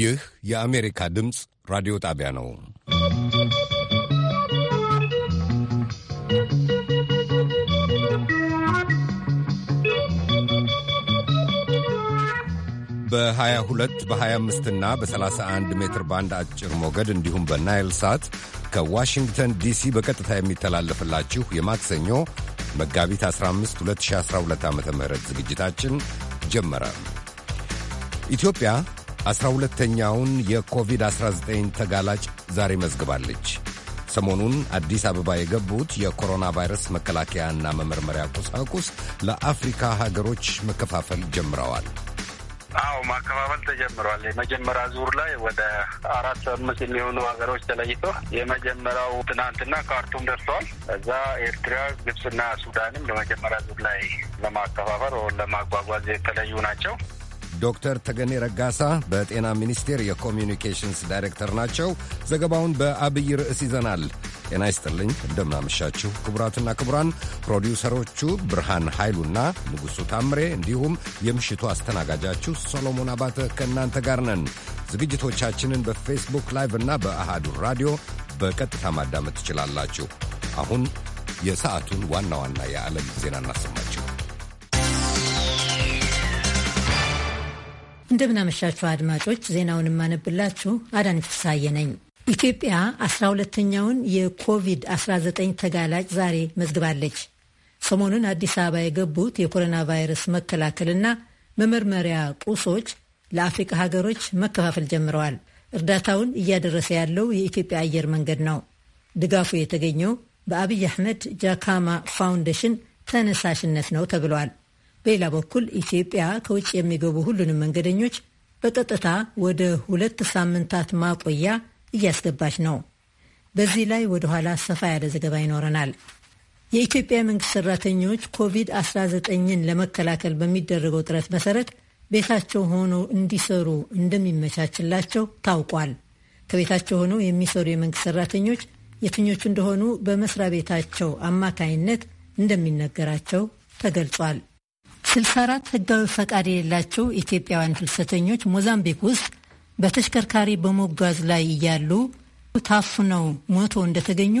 ይህ የአሜሪካ ድምፅ ራዲዮ ጣቢያ ነው። በ22 በ25 እና በ31 ሜትር ባንድ አጭር ሞገድ እንዲሁም በናይል ሳት ከዋሽንግተን ዲሲ በቀጥታ የሚተላለፍላችሁ የማክሰኞ መጋቢት 15 2012 ዓ ም ዝግጅታችን ጀመረ። ኢትዮጵያ አስራ ሁለተኛውን የኮቪድ-19 ተጋላጭ ዛሬ መዝግባለች። ሰሞኑን አዲስ አበባ የገቡት የኮሮና ቫይረስ መከላከያና መመርመሪያ ቁሳቁስ ለአፍሪካ ሀገሮች መከፋፈል ጀምረዋል። አዎ ማከፋፈል ተጀምሯል። የመጀመሪያ ዙር ላይ ወደ አራት አምስት የሚሆኑ ሀገሮች ተለይቶ የመጀመሪያው ትናንትና ካርቱም ደርሰዋል። እዛ ኤርትራ፣ ግብፅና ሱዳንም የመጀመሪያ ዙር ላይ ለማከፋፈል ለማጓጓዝ የተለዩ ናቸው። ዶክተር ተገኔ ረጋሳ በጤና ሚኒስቴር የኮሚዩኒኬሽንስ ዳይሬክተር ናቸው። ዘገባውን በአብይ ርዕስ ይዘናል። ጤና ይስጥልኝ፣ እንደምናመሻችሁ ክቡራትና ክቡራን። ፕሮዲውሰሮቹ ብርሃን ኃይሉና ንጉሡ ታምሬ እንዲሁም የምሽቱ አስተናጋጃችሁ ሶሎሞን አባተ ከእናንተ ጋር ነን። ዝግጅቶቻችንን በፌስቡክ ላይቭ እና በአሃዱ ራዲዮ በቀጥታ ማዳመጥ ትችላላችሁ። አሁን የሰዓቱን ዋና ዋና የዓለም ዜና እናሰማችሁ። እንደምናመሻችሁ አድማጮች፣ ዜናውን የማነብላችሁ አዳን ፍሳዬ ነኝ። ኢትዮጵያ 12ተኛውን የኮቪድ-19 ተጋላጭ ዛሬ መዝግባለች። ሰሞኑን አዲስ አበባ የገቡት የኮሮና ቫይረስ መከላከልና መመርመሪያ ቁሶች ለአፍሪካ ሀገሮች መከፋፈል ጀምረዋል። እርዳታውን እያደረሰ ያለው የኢትዮጵያ አየር መንገድ ነው። ድጋፉ የተገኘው በአብይ አህመድ ጃካማ ፋውንዴሽን ተነሳሽነት ነው ተብሏል። በሌላ በኩል ኢትዮጵያ ከውጭ የሚገቡ ሁሉንም መንገደኞች በቀጥታ ወደ ሁለት ሳምንታት ማቆያ እያስገባች ነው። በዚህ ላይ ወደ ኋላ ሰፋ ያለ ዘገባ ይኖረናል። የኢትዮጵያ መንግስት ሰራተኞች ኮቪድ-19ን ለመከላከል በሚደረገው ጥረት መሰረት ቤታቸው ሆነው እንዲሰሩ እንደሚመቻችላቸው ታውቋል። ከቤታቸው ሆነው የሚሰሩ የመንግስት ሰራተኞች የትኞቹ እንደሆኑ በመስሪያ ቤታቸው አማካይነት እንደሚነገራቸው ተገልጿል። 64 ህጋዊ ፈቃድ የሌላቸው ኢትዮጵያውያን ፍልሰተኞች ሞዛምቢክ ውስጥ በተሽከርካሪ በመጓዝ ላይ እያሉ ታፍነው ሞቶ እንደተገኙ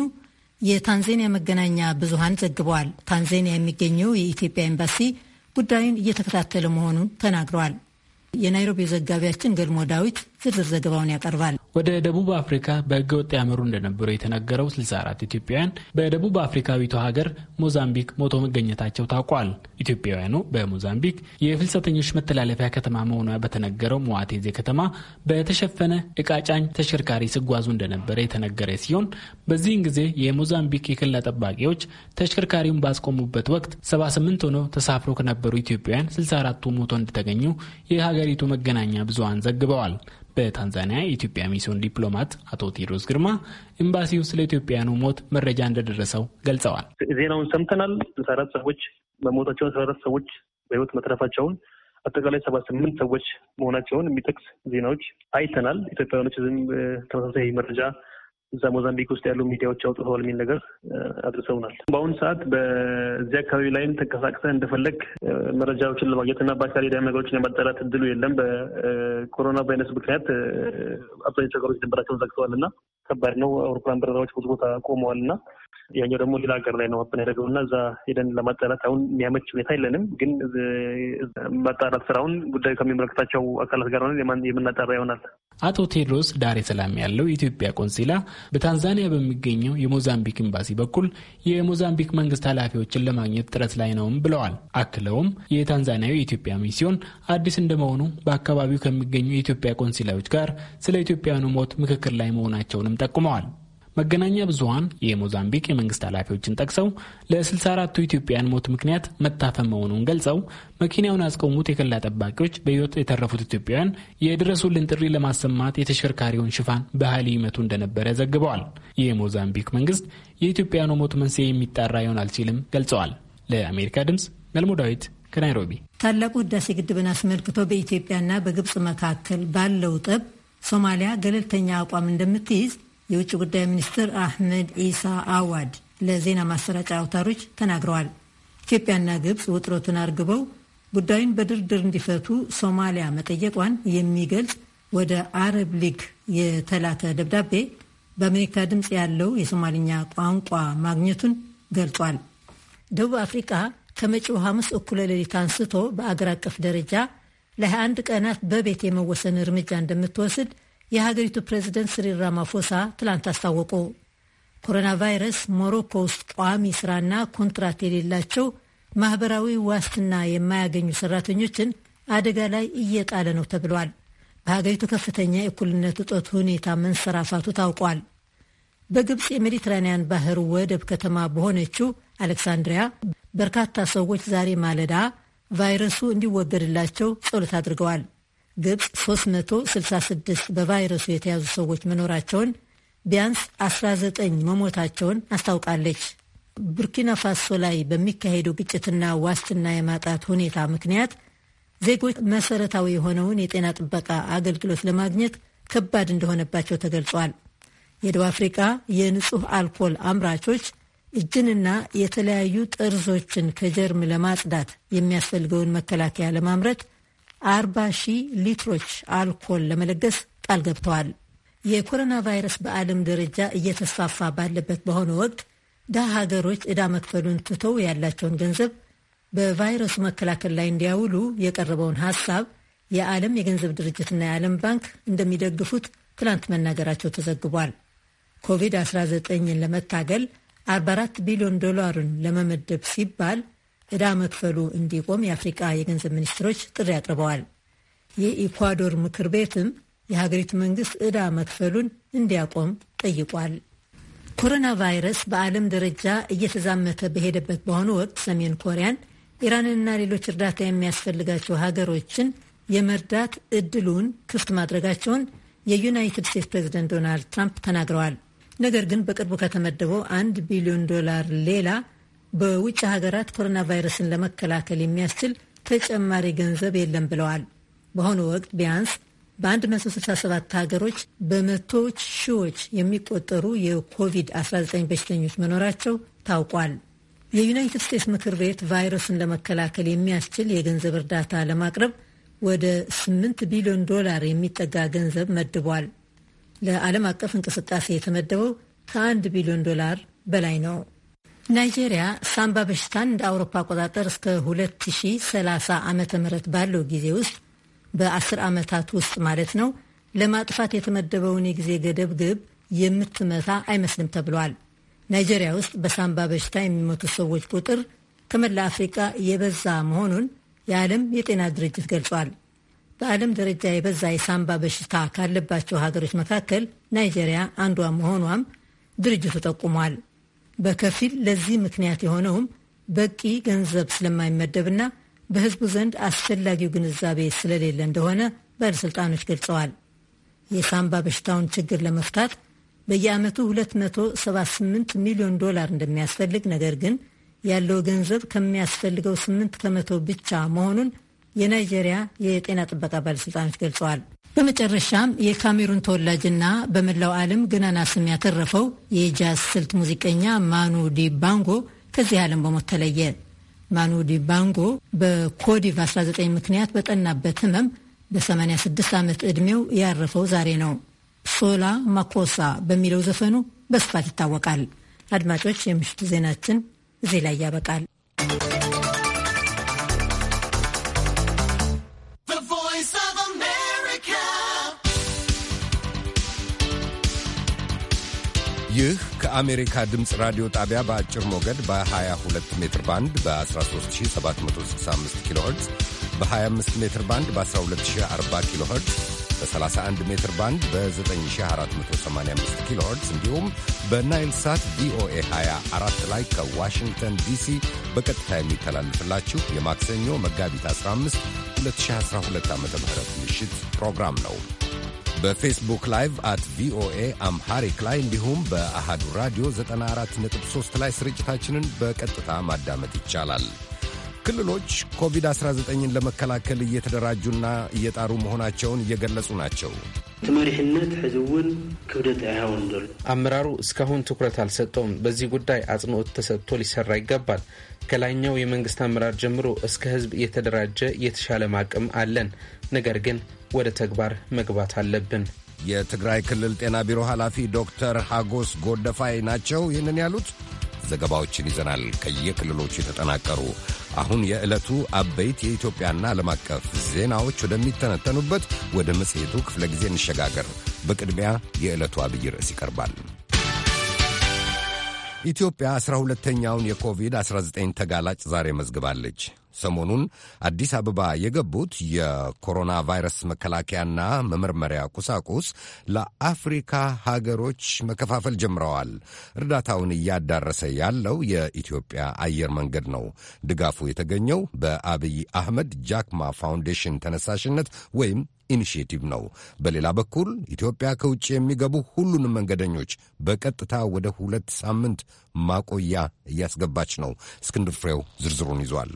የታንዛኒያ መገናኛ ብዙሃን ዘግበዋል። ታንዛኒያ የሚገኘው የኢትዮጵያ ኤምባሲ ጉዳዩን እየተከታተለ መሆኑን ተናግረዋል። የናይሮቢ ዘጋቢያችን ገልሞ ዳዊት ዝርዝር ዘገባውን ያቀርባል። ወደ ደቡብ አፍሪካ በህገወጥ ያመሩ እንደነበሩ የተነገረው 64 ኢትዮጵያውያን በደቡብ አፍሪካዊቱ ሀገር ሞዛምቢክ ሞቶ መገኘታቸው ታውቋል። ኢትዮጵያውያኑ በሞዛምቢክ የፍልሰተኞች መተላለፊያ ከተማ መሆኗ በተነገረው ሞዋቴዜ ከተማ በተሸፈነ እቃጫኝ ተሽከርካሪ ሲጓዙ እንደነበረ የተነገረ ሲሆን በዚህን ጊዜ የሞዛምቢክ የክልል ጠባቂዎች ተሽከርካሪውን ባስቆሙበት ወቅት 78 ሆነው ተሳፍሮ ከነበሩ ኢትዮጵያውያን 64ቱ ሞቶ እንደተገኙ የሀገሪቱ መገናኛ ብዙሃን ዘግበዋል። በታንዛኒያ የኢትዮጵያ ሚስዮን ዲፕሎማት አቶ ቴዎድሮስ ግርማ ኤምባሲው ስለ ኢትዮጵያውያኑ ሞት መረጃ እንደደረሰው ገልጸዋል። ዜናውን ሰምተናል። አራት ሰዎች መሞታቸውን፣ አራት ሰዎች በህይወት መትረፋቸውን አጠቃላይ ሰባ ስምንት ሰዎች መሆናቸውን የሚጠቅስ ዜናዎች አይተናል። ኢትዮጵያውያኖች ተመሳሳይ መረጃ እዛ ሞዛምቢክ ውስጥ ያሉ ሚዲያዎች አውጥተዋል የሚል ነገር አድርሰውናል። በአሁኑ ሰዓት በዚህ አካባቢ ላይም ተንቀሳቅሰ እንደፈለግ መረጃዎችን ለማግኘትና በአካል ሄዳ ነገሮችን የማጣራት እድሉ የለም። በኮሮና ቫይረስ ምክንያት አብዛኞቹ ሀገሮች ድንበራቸውን ዘግተዋል እና ከባድ ነው። አውሮፕላን በረራዎች ብዙ ቦታ ቆመዋል እና ያኛው ደግሞ ሌላ ሀገር ላይ ነው ኦፕን ያደረገው እና እዛ ሄደን ለማጣራት አሁን የሚያመች ሁኔታ የለንም። ግን ማጣራት ስራውን ጉዳዩ ከሚመለከታቸው አካላት ጋር ሆነ የምናጣራ ይሆናል። አቶ ቴድሮስ ዳሬ ሰላም ያለው የኢትዮጵያ ቆንሲላ በታንዛኒያ በሚገኘው የሞዛምቢክ ኤምባሲ በኩል የሞዛምቢክ መንግስት ኃላፊዎችን ለማግኘት ጥረት ላይ ነውም ብለዋል። አክለውም የታንዛኒያው የኢትዮጵያ ሚስዮን አዲስ እንደመሆኑ በአካባቢው ከሚገኙ የኢትዮጵያ ቆንሲላዎች ጋር ስለ ኢትዮጵያውያኑ ሞት ምክክር ላይ መሆናቸውንም ጠቁመዋል። መገናኛ ብዙሀን የሞዛምቢክ የመንግስት ኃላፊዎችን ጠቅሰው ለ64ቱ ኢትዮጵያን ሞት ምክንያት መታፈን መሆኑን ገልጸው መኪናውን ያስቆሙት የከላ ጠባቂዎች በሕይወት የተረፉት ኢትዮጵያውያን የድረሱልን ጥሪ ለማሰማት የተሽከርካሪውን ሽፋን በኃይል ይመቱ እንደነበረ ዘግበዋል። የሞዛምቢክ መንግስት የኢትዮጵያውያኑ ሞት መንስኤ የሚጣራ ይሆናል ሲልም ገልጸዋል። ለአሜሪካ ድምፅ ገልሞ ዳዊት ከናይሮቢ። ታላቁ ህዳሴ ግድብን አስመልክቶ በኢትዮጵያና በግብፅ መካከል ባለው ጠብ ሶማሊያ ገለልተኛ አቋም እንደምትይዝ የውጭ ጉዳይ ሚኒስትር አህመድ ኢሳ አዋድ ለዜና ማሰራጫ አውታሮች ተናግረዋል። ኢትዮጵያና ግብፅ ውጥረቱን አርግበው ጉዳዩን በድርድር እንዲፈቱ ሶማሊያ መጠየቋን የሚገልጽ ወደ አረብ ሊግ የተላከ ደብዳቤ በአሜሪካ ድምፅ ያለው የሶማልኛ ቋንቋ ማግኘቱን ገልጿል። ደቡብ አፍሪካ ከመጪው ሐሙስ እኩለ ሌሊት አንስቶ በአገር አቀፍ ደረጃ ለ21 ቀናት በቤት የመወሰን እርምጃ እንደምትወስድ የሀገሪቱ ፕሬዚደንት ስሪል ራማፎሳ ትላንት አስታወቁ። ኮሮና ቫይረስ ሞሮኮ ውስጥ ቋሚ ስራና ኮንትራት የሌላቸው ማህበራዊ ዋስትና የማያገኙ ሰራተኞችን አደጋ ላይ እየጣለ ነው ተብሏል። በሀገሪቱ ከፍተኛ የእኩልነት እጦት ሁኔታ መንሰራፋቱ ታውቋል። በግብፅ የሜዲትራንያን ባህር ወደብ ከተማ በሆነችው አሌክሳንድሪያ በርካታ ሰዎች ዛሬ ማለዳ ቫይረሱ እንዲወገድላቸው ጸሎት አድርገዋል። ግብፅ 366 በቫይረሱ የተያዙ ሰዎች መኖራቸውን ቢያንስ 19 መሞታቸውን አስታውቃለች። ቡርኪና ፋሶ ላይ በሚካሄደው ግጭትና ዋስትና የማጣት ሁኔታ ምክንያት ዜጎች መሰረታዊ የሆነውን የጤና ጥበቃ አገልግሎት ለማግኘት ከባድ እንደሆነባቸው ተገልጿል። የደቡብ አፍሪቃ የንጹህ አልኮል አምራቾች እጅንና የተለያዩ ጠርዞችን ከጀርም ለማጽዳት የሚያስፈልገውን መከላከያ ለማምረት አርባ ሺህ ሊትሮች አልኮል ለመለገስ ቃል ገብተዋል። የኮሮና ቫይረስ በዓለም ደረጃ እየተስፋፋ ባለበት በሆነ ወቅት ድሀ ሀገሮች ዕዳ መክፈሉን ትተው ያላቸውን ገንዘብ በቫይረሱ መከላከል ላይ እንዲያውሉ የቀረበውን ሀሳብ የዓለም የገንዘብ ድርጅትና የዓለም ባንክ እንደሚደግፉት ትላንት መናገራቸው ተዘግቧል። ኮቪድ-19ን ለመታገል 44 ቢሊዮን ዶላርን ለመመደብ ሲባል ዕዳ መክፈሉ እንዲቆም የአፍሪቃ የገንዘብ ሚኒስትሮች ጥሪ አቅርበዋል። የኢኳዶር ምክር ቤትም የሀገሪቱ መንግስት ዕዳ መክፈሉን እንዲያቆም ጠይቋል። ኮሮና ቫይረስ በዓለም ደረጃ እየተዛመተ በሄደበት በአሁኑ ወቅት ሰሜን ኮሪያን፣ ኢራንንና ሌሎች እርዳታ የሚያስፈልጋቸው ሀገሮችን የመርዳት እድሉን ክፍት ማድረጋቸውን የዩናይትድ ስቴትስ ፕሬዚደንት ዶናልድ ትራምፕ ተናግረዋል። ነገር ግን በቅርቡ ከተመደበው አንድ ቢሊዮን ዶላር ሌላ በውጭ ሀገራት ኮሮና ቫይረስን ለመከላከል የሚያስችል ተጨማሪ ገንዘብ የለም ብለዋል። በአሁኑ ወቅት ቢያንስ በ167 ሀገሮች በመቶዎች ሺዎች የሚቆጠሩ የኮቪድ-19 በሽተኞች መኖራቸው ታውቋል። የዩናይትድ ስቴትስ ምክር ቤት ቫይረስን ለመከላከል የሚያስችል የገንዘብ እርዳታ ለማቅረብ ወደ 8 ቢሊዮን ዶላር የሚጠጋ ገንዘብ መድቧል። ለዓለም አቀፍ እንቅስቃሴ የተመደበው ከ ከ1 ቢሊዮን ዶላር በላይ ነው። ናይጄሪያ ሳምባ በሽታን እንደ አውሮፓ አቆጣጠር እስከ 2030 ዓ ም ባለው ጊዜ ውስጥ በ10 ዓመታት ውስጥ ማለት ነው ለማጥፋት የተመደበውን የጊዜ ገደብ ግብ የምትመታ አይመስልም ተብሏል። ናይጄሪያ ውስጥ በሳምባ በሽታ የሚሞቱ ሰዎች ቁጥር ከመላ አፍሪቃ የበዛ መሆኑን የዓለም የጤና ድርጅት ገልጿል። በዓለም ደረጃ የበዛ የሳምባ በሽታ ካለባቸው ሀገሮች መካከል ናይጄሪያ አንዷ መሆኗም ድርጅቱ ጠቁሟል። በከፊል ለዚህ ምክንያት የሆነውም በቂ ገንዘብ ስለማይመደብና በህዝቡ ዘንድ አስፈላጊው ግንዛቤ ስለሌለ እንደሆነ ባለሥልጣኖች ገልጸዋል። የሳምባ በሽታውን ችግር ለመፍታት በየዓመቱ 278 ሚሊዮን ዶላር እንደሚያስፈልግ ነገር ግን ያለው ገንዘብ ከሚያስፈልገው 8 ከመቶ ብቻ መሆኑን የናይጄሪያ የጤና ጥበቃ ባለሥልጣኖች ገልጸዋል። በመጨረሻም የካሜሩን ተወላጅና በመላው ዓለም ገናና ስም ያተረፈው የጃዝ ስልት ሙዚቀኛ ማኑ ዲባንጎ ከዚህ ዓለም በሞት ተለየ። ማኑ ዲባንጎ በኮዲቭ 19 ምክንያት በጠናበት ህመም በ86 ዓመት ዕድሜው ያረፈው ዛሬ ነው። ሶላ ማኮሳ በሚለው ዘፈኑ በስፋት ይታወቃል። አድማጮች፣ የምሽቱ ዜናችን እዚህ ላይ ያበቃል። ይህ ከአሜሪካ ድምፅ ራዲዮ ጣቢያ በአጭር ሞገድ በ22 ሜትር ባንድ በ13765 ኪሎ ኸርትዝ በ25 ሜትር ባንድ በ1240 ኪሎ ኸርትዝ በ31 ሜትር ባንድ በ9485 ኪሎ ኸርትዝ እንዲሁም በናይል ሳት ቪኦኤ 24 ላይ ከዋሽንግተን ዲሲ በቀጥታ የሚተላልፍላችሁ የማክሰኞ መጋቢት 15 2012 ዓ ም ምሽት ፕሮግራም ነው። በፌስቡክ ላይቭ አት ቪኦኤ አምሃሪክ ላይ እንዲሁም በአሃዱ ራዲዮ 94.3 ላይ ስርጭታችንን በቀጥታ ማዳመጥ ይቻላል። ክልሎች ኮቪድ-19ን ለመከላከል እየተደራጁና እየጣሩ መሆናቸውን እየገለጹ ናቸው። ትመሪሕነት ሕዚ እውን ክብደት ኣይሃውን ዘሎ አመራሩ እስካሁን ትኩረት አልሰጠውም። በዚህ ጉዳይ አጽንኦት ተሰጥቶ ሊሰራ ይገባል። ከላይኛው የመንግስት አመራር ጀምሮ እስከ ህዝብ እየተደራጀ የተሻለ ማቅም አለን። ነገር ግን ወደ ተግባር መግባት አለብን። የትግራይ ክልል ጤና ቢሮ ኃላፊ ዶክተር ሐጎስ ጎደፋይ ናቸው ይህንን ያሉት። ዘገባዎችን ይዘናል ከየክልሎቹ የተጠናቀሩ። አሁን የዕለቱ አበይት የኢትዮጵያና ዓለም አቀፍ ዜናዎች ወደሚተነተኑበት ወደ መጽሔቱ ክፍለ ጊዜ እንሸጋገር። በቅድሚያ የዕለቱ አብይ ርዕስ ይቀርባል። ኢትዮጵያ አስራ ሁለተኛውን የኮቪድ-19 ተጋላጭ ዛሬ መዝግባለች። ሰሞኑን አዲስ አበባ የገቡት የኮሮና ቫይረስ መከላከያና መመርመሪያ ቁሳቁስ ለአፍሪካ ሀገሮች መከፋፈል ጀምረዋል። እርዳታውን እያዳረሰ ያለው የኢትዮጵያ አየር መንገድ ነው። ድጋፉ የተገኘው በአብይ አህመድ ጃክማ ፋውንዴሽን ተነሳሽነት ወይም ኢኒሽቲቭ ነው። በሌላ በኩል ኢትዮጵያ ከውጭ የሚገቡ ሁሉንም መንገደኞች በቀጥታ ወደ ሁለት ሳምንት ማቆያ እያስገባች ነው። እስክንድር ፍሬው ዝርዝሩን ይዟል።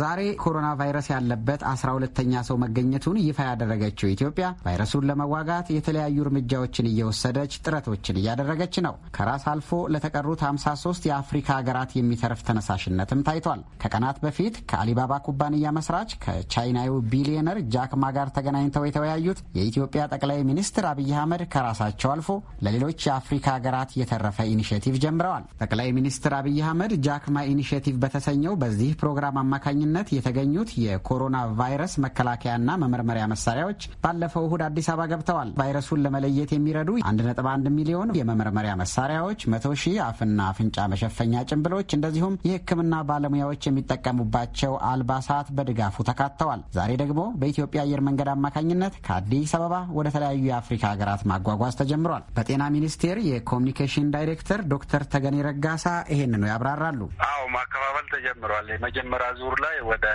ዛሬ ኮሮና ቫይረስ ያለበት አስራ ሁለተኛ ሰው መገኘቱን ይፋ ያደረገችው ኢትዮጵያ ቫይረሱን ለመዋጋት የተለያዩ እርምጃዎችን እየወሰደች ጥረቶችን እያደረገች ነው። ከራስ አልፎ ለተቀሩት 53 የአፍሪካ ሀገራት የሚተርፍ ተነሳሽነትም ታይቷል። ከቀናት በፊት ከአሊባባ ኩባንያ መስራች ከቻይናዊ ቢሊዮነር ጃክማ ጋር ተገናኝተው የተወያዩት የኢትዮጵያ ጠቅላይ ሚኒስትር አብይ አህመድ ከራሳቸው አልፎ ለሌሎች የአፍሪካ ሀገራት የተረፈ ኢኒሽቲቭ ጀምረዋል። ጠቅላይ ሚኒስትር አብይ አህመድ ጃክማ ኢኒሽቲቭ በተሰኘው በዚህ ፕሮግራም አማካኝ አማካኝነት የተገኙት የኮሮና ቫይረስ መከላከያና መመርመሪያ መሳሪያዎች ባለፈው እሁድ አዲስ አበባ ገብተዋል። ቫይረሱን ለመለየት የሚረዱ 1.1 ሚሊዮን የመመርመሪያ መሳሪያዎች፣ 100 ሺህ አፍና አፍንጫ መሸፈኛ ጭንብሎች፣ እንደዚሁም የሕክምና ባለሙያዎች የሚጠቀሙባቸው አልባሳት በድጋፉ ተካተዋል። ዛሬ ደግሞ በኢትዮጵያ አየር መንገድ አማካኝነት ከአዲስ አበባ ወደ ተለያዩ የአፍሪካ ሀገራት ማጓጓዝ ተጀምሯል። በጤና ሚኒስቴር የኮሚኒኬሽን ዳይሬክተር ዶክተር ተገኔ ረጋሳ ይሄን ነው ያብራራሉ። አዎ ማከፋፈል ተጀምሯል። የመጀመሪያ ዙር ላይ ላይ ወደ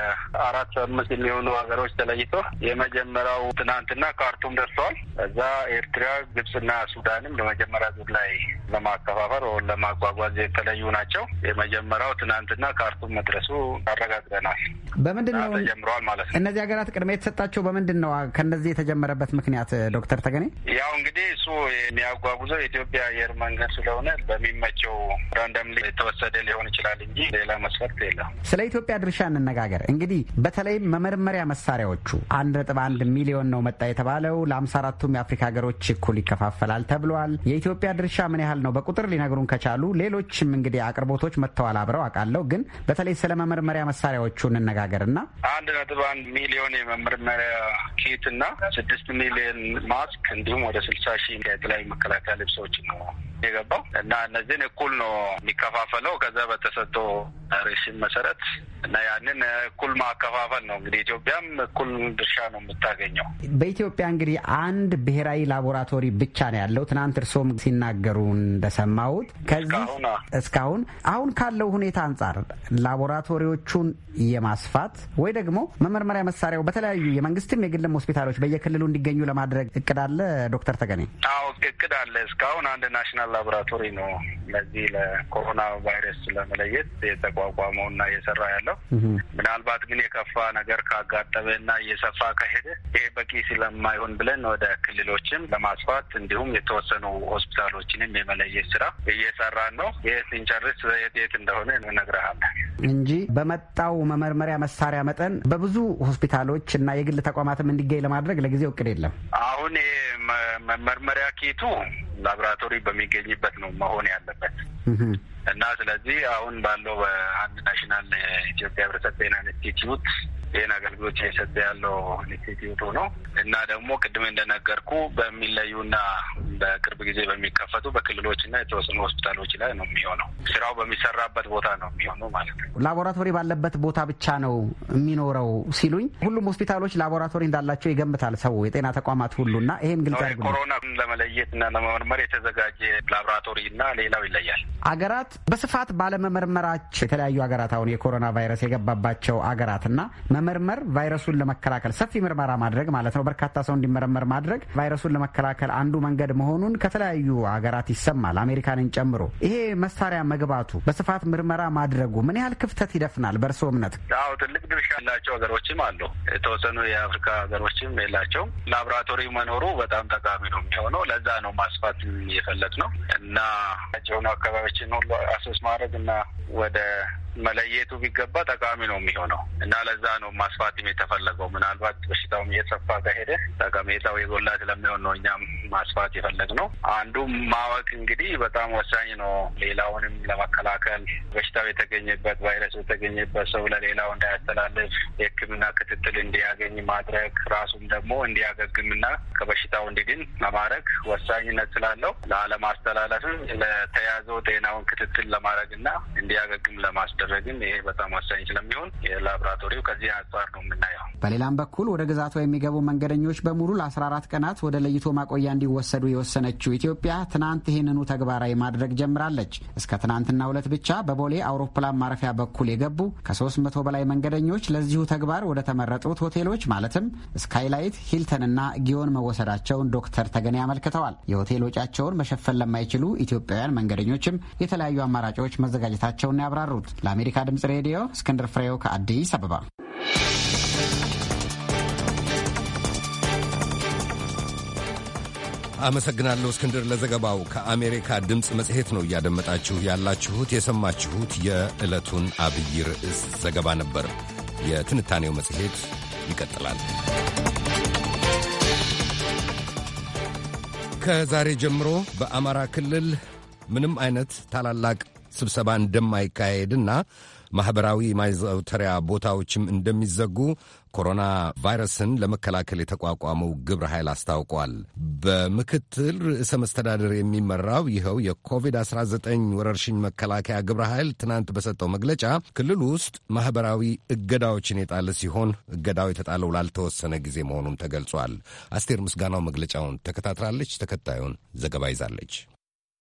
አራት አምስት የሚሆኑ ሀገሮች ተለይቶ የመጀመሪያው ትናንትና ካርቱም ደርሰዋል። እዛ ኤርትራ፣ ግብጽና ሱዳንም በመጀመሪያ ዙር ላይ ለማከፋፈር ለማጓጓዝ የተለዩ ናቸው። የመጀመሪያው ትናንትና ካርቱም መድረሱ አረጋግጠናል። በምንድን ነው ተጀምረዋል ማለት ነው። እነዚህ ሀገራት ቅድሜ የተሰጣቸው በምንድን ነው? ከእነዚህ የተጀመረበት ምክንያት ዶክተር ተገኔ ያው እንግዲህ እሱ የሚያጓጉዘው የኢትዮጵያ አየር መንገድ ስለሆነ በሚመቸው ራንደም የተወሰደ ሊሆን ይችላል እንጂ ሌላ መስፈርት የለም። ስለ ኢትዮጵያ ድርሻ አነጋገር እንግዲህ በተለይም መመርመሪያ መሳሪያዎቹ አንድ ነጥብ አንድ ሚሊዮን ነው መጣ የተባለው ለአምሳ አራቱም የአፍሪካ ሀገሮች እኩል ይከፋፈላል ተብሏል። የኢትዮጵያ ድርሻ ምን ያህል ነው በቁጥር ሊነግሩን ከቻሉ። ሌሎችም እንግዲህ አቅርቦቶች መጥተዋል አብረው አውቃለሁ። ግን በተለይ ስለ መመርመሪያ መሳሪያዎቹ እንነጋገርና አንድ ነጥብ አንድ ሚሊዮን የመመርመሪያ ኪት እና ስድስት ሚሊዮን ማስክ እንዲሁም ወደ ስልሳ ሺህ የተለያዩ መከላከያ ልብሶች ነው የገባው እና እነዚህን እኩል ነው የሚከፋፈለው ከዛ በተሰጥቶ ሬሽን መሰረት እና ያንን እኩል ማከፋፈል ነው እንግዲህ ኢትዮጵያም እኩል ድርሻ ነው የምታገኘው። በኢትዮጵያ እንግዲህ አንድ ብሔራዊ ላቦራቶሪ ብቻ ነው ያለው። ትናንት እርስዎም ሲናገሩ እንደሰማሁት ከዚህ እስካሁን አሁን ካለው ሁኔታ አንጻር ላቦራቶሪዎቹን የማስፋት ወይ ደግሞ መመርመሪያ መሳሪያው በተለያዩ የመንግስትም የግልም ሆስፒታሎች በየክልሉ እንዲገኙ ለማድረግ እቅድ አለ ዶክተር ተገኔ? አዎ እቅድ አለ። እስካሁን አንድ ናሽናል ናሽናል ላቦራቶሪ ነው ለዚህ ለኮሮና ቫይረስ ለመለየት የተቋቋመው እና እየሰራ ያለው። ምናልባት ግን የከፋ ነገር ካጋጠመ እና እየሰፋ ከሄደ ይሄ በቂ ስለማይሆን ብለን ወደ ክልሎችም ለማስፋት እንዲሁም የተወሰኑ ሆስፒታሎችንም የመለየት ስራ እየሰራን ነው። ይህ ስንጨርስ የት እንደሆነ እነግርሃለን እንጂ በመጣው መመርመሪያ መሳሪያ መጠን በብዙ ሆስፒታሎች እና የግል ተቋማትም እንዲገኝ ለማድረግ ለጊዜው እቅድ የለም። አሁን ይሄ መመርመሪያ ኪቱ ላቦራቶሪ በሚገ የሚገኝበት ነው መሆን ያለበት። እና ስለዚህ አሁን ባለው በአንድ ናሽናል የኢትዮጵያ ህብረተሰብ ጤና ኢንስቲትዩት ይህን አገልግሎት እየሰጠ ያለው ኢንስቲትዩት ሆኖ እና ደግሞ ቅድም እንደነገርኩ በሚለዩና በቅርብ ጊዜ በሚከፈቱ በክልሎችና የተወሰኑ ሆስፒታሎች ላይ ነው የሚሆነው። ስራው በሚሰራበት ቦታ ነው የሚሆነው ማለት ነው። ላቦራቶሪ ባለበት ቦታ ብቻ ነው የሚኖረው ሲሉኝ፣ ሁሉም ሆስፒታሎች ላቦራቶሪ እንዳላቸው ይገምታል ሰው፣ የጤና ተቋማት ሁሉና ይሄን ግልጽ አድርጉ። ኮሮና ለመለየትና ለመመርመር የተዘጋጀ ላቦራቶሪና ሌላው ይለያል። አገራት በስፋት ባለመመርመራቸው የተለያዩ ሀገራት አሁን የኮሮና ቫይረስ የገባባቸው አገራትና መመርመር ቫይረሱን ለመከላከል ሰፊ ምርመራ ማድረግ ማለት ነው። በርካታ ሰው እንዲመረመር ማድረግ ቫይረሱን ለመከላከል አንዱ መንገድ መሆኑን ከተለያዩ ሀገራት ይሰማል፣ አሜሪካንን ጨምሮ። ይሄ መሳሪያ መግባቱ በስፋት ምርመራ ማድረጉ ምን ያህል ክፍተት ይደፍናል? በእርስዎ እምነት? አዎ ትልቅ ድርሻ ያላቸው ሀገሮችም አሉ። የተወሰኑ የአፍሪካ ሀገሮችም የላቸውም። ላቦራቶሪ መኖሩ በጣም ጠቃሚ ነው የሚሆነው። ለዛ ነው ማስፋት የፈለግ ነው እና የሆኑ አካባቢዎችን ሁሉ አሰስ ማድረግ እና ወደ መለየቱ ቢገባ ጠቃሚ ነው የሚሆነው እና ለዛ ነው ማስፋትም የተፈለገው። ምናልባት በሽታውም እየተሰፋ ከሄደ ጠቀሜታው የጎላ ስለሚሆን ነው እኛም ማስፋት የፈለግነው። አንዱ ማወቅ እንግዲህ በጣም ወሳኝ ነው። ሌላውንም ለመከላከል በሽታው የተገኘበት ቫይረስ የተገኘበት ሰው ለሌላው እንዳያስተላልፍ የሕክምና ክትትል እንዲያገኝ ማድረግ ራሱም ደግሞ እንዲያገግምና ከበሽታው እንዲድን ለማድረግ ወሳኝነት ስላለው ላለማስተላለፍም ለተያዘው ጤናውን ክትትል ለማድረግ እና እንዲ እንዲያገግም ለማስደረግም ይሄ በጣም ወሳኝ ስለሚሆን የላቦራቶሪው ከዚህ አንጻር ነው የምናየው። በሌላም በኩል ወደ ግዛቷ የሚገቡ መንገደኞች በሙሉ ለአስራ አራት ቀናት ወደ ለይቶ ማቆያ እንዲወሰዱ የወሰነችው ኢትዮጵያ ትናንት ይህንኑ ተግባራዊ ማድረግ ጀምራለች። እስከ ትናንትና ሁለት ብቻ በቦሌ አውሮፕላን ማረፊያ በኩል የገቡ ከሶስት መቶ በላይ መንገደኞች ለዚሁ ተግባር ወደ ተመረጡት ሆቴሎች ማለትም ስካይላይት፣ ሂልተንና ጊዮን መወሰዳቸውን ዶክተር ተገኔ አመልክተዋል። የሆቴል ወጪያቸውን መሸፈን ለማይችሉ ኢትዮጵያውያን መንገደኞችም የተለያዩ አማራጮች መዘጋጀታቸው መሆናቸውን ያብራሩት። ለአሜሪካ ድምጽ ሬዲዮ እስክንድር ፍሬው ከአዲስ አበባ። አመሰግናለሁ እስክንድር ለዘገባው። ከአሜሪካ ድምፅ መጽሔት ነው እያደመጣችሁ ያላችሁት። የሰማችሁት የዕለቱን አብይ ርዕስ ዘገባ ነበር። የትንታኔው መጽሔት ይቀጥላል። ከዛሬ ጀምሮ በአማራ ክልል ምንም አይነት ታላላቅ ስብሰባ እንደማይካሄድና ማኅበራዊ ማዘውተሪያ ቦታዎችም እንደሚዘጉ ኮሮና ቫይረስን ለመከላከል የተቋቋመው ግብረ ኃይል አስታውቋል። በምክትል ርዕሰ መስተዳደር የሚመራው ይኸው የኮቪድ-19 ወረርሽኝ መከላከያ ግብረ ኃይል ትናንት በሰጠው መግለጫ ክልል ውስጥ ማኅበራዊ እገዳዎችን የጣለ ሲሆን እገዳው የተጣለው ላልተወሰነ ጊዜ መሆኑም ተገልጿል። አስቴር ምስጋናው መግለጫውን ተከታትራለች። ተከታዩን ዘገባ ይዛለች።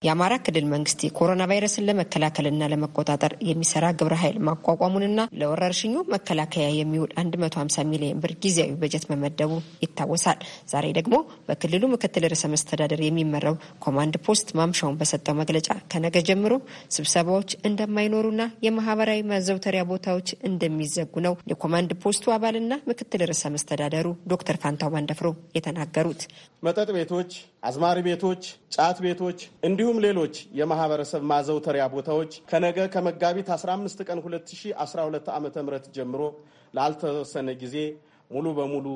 የአማራ ክልል መንግስት የኮሮና ቫይረስን ለመከላከልና ለመቆጣጠር የሚሰራ ግብረ ኃይል ማቋቋሙንና ለወረርሽኙ መከላከያ የሚውል 150 ሚሊዮን ብር ጊዜያዊ በጀት መመደቡ ይታወሳል። ዛሬ ደግሞ በክልሉ ምክትል ርዕሰ መስተዳደር የሚመራው ኮማንድ ፖስት ማምሻውን በሰጠው መግለጫ ከነገ ጀምሮ ስብሰባዎች እንደማይኖሩና የማህበራዊ ማዘውተሪያ ቦታዎች እንደሚዘጉ ነው የኮማንድ ፖስቱ አባልና ምክትል ርዕሰ መስተዳደሩ ዶክተር ፋንታው ባንደፍሮ የተናገሩት። መጠጥ ቤቶች አዝማሪ ቤቶች፣ ጫት ቤቶች እንዲሁም ሌሎች የማህበረሰብ ማዘውተሪያ ቦታዎች ከነገ ከመጋቢት 15 ቀን 2012 ዓ ም ጀምሮ ላልተወሰነ ጊዜ ሙሉ በሙሉ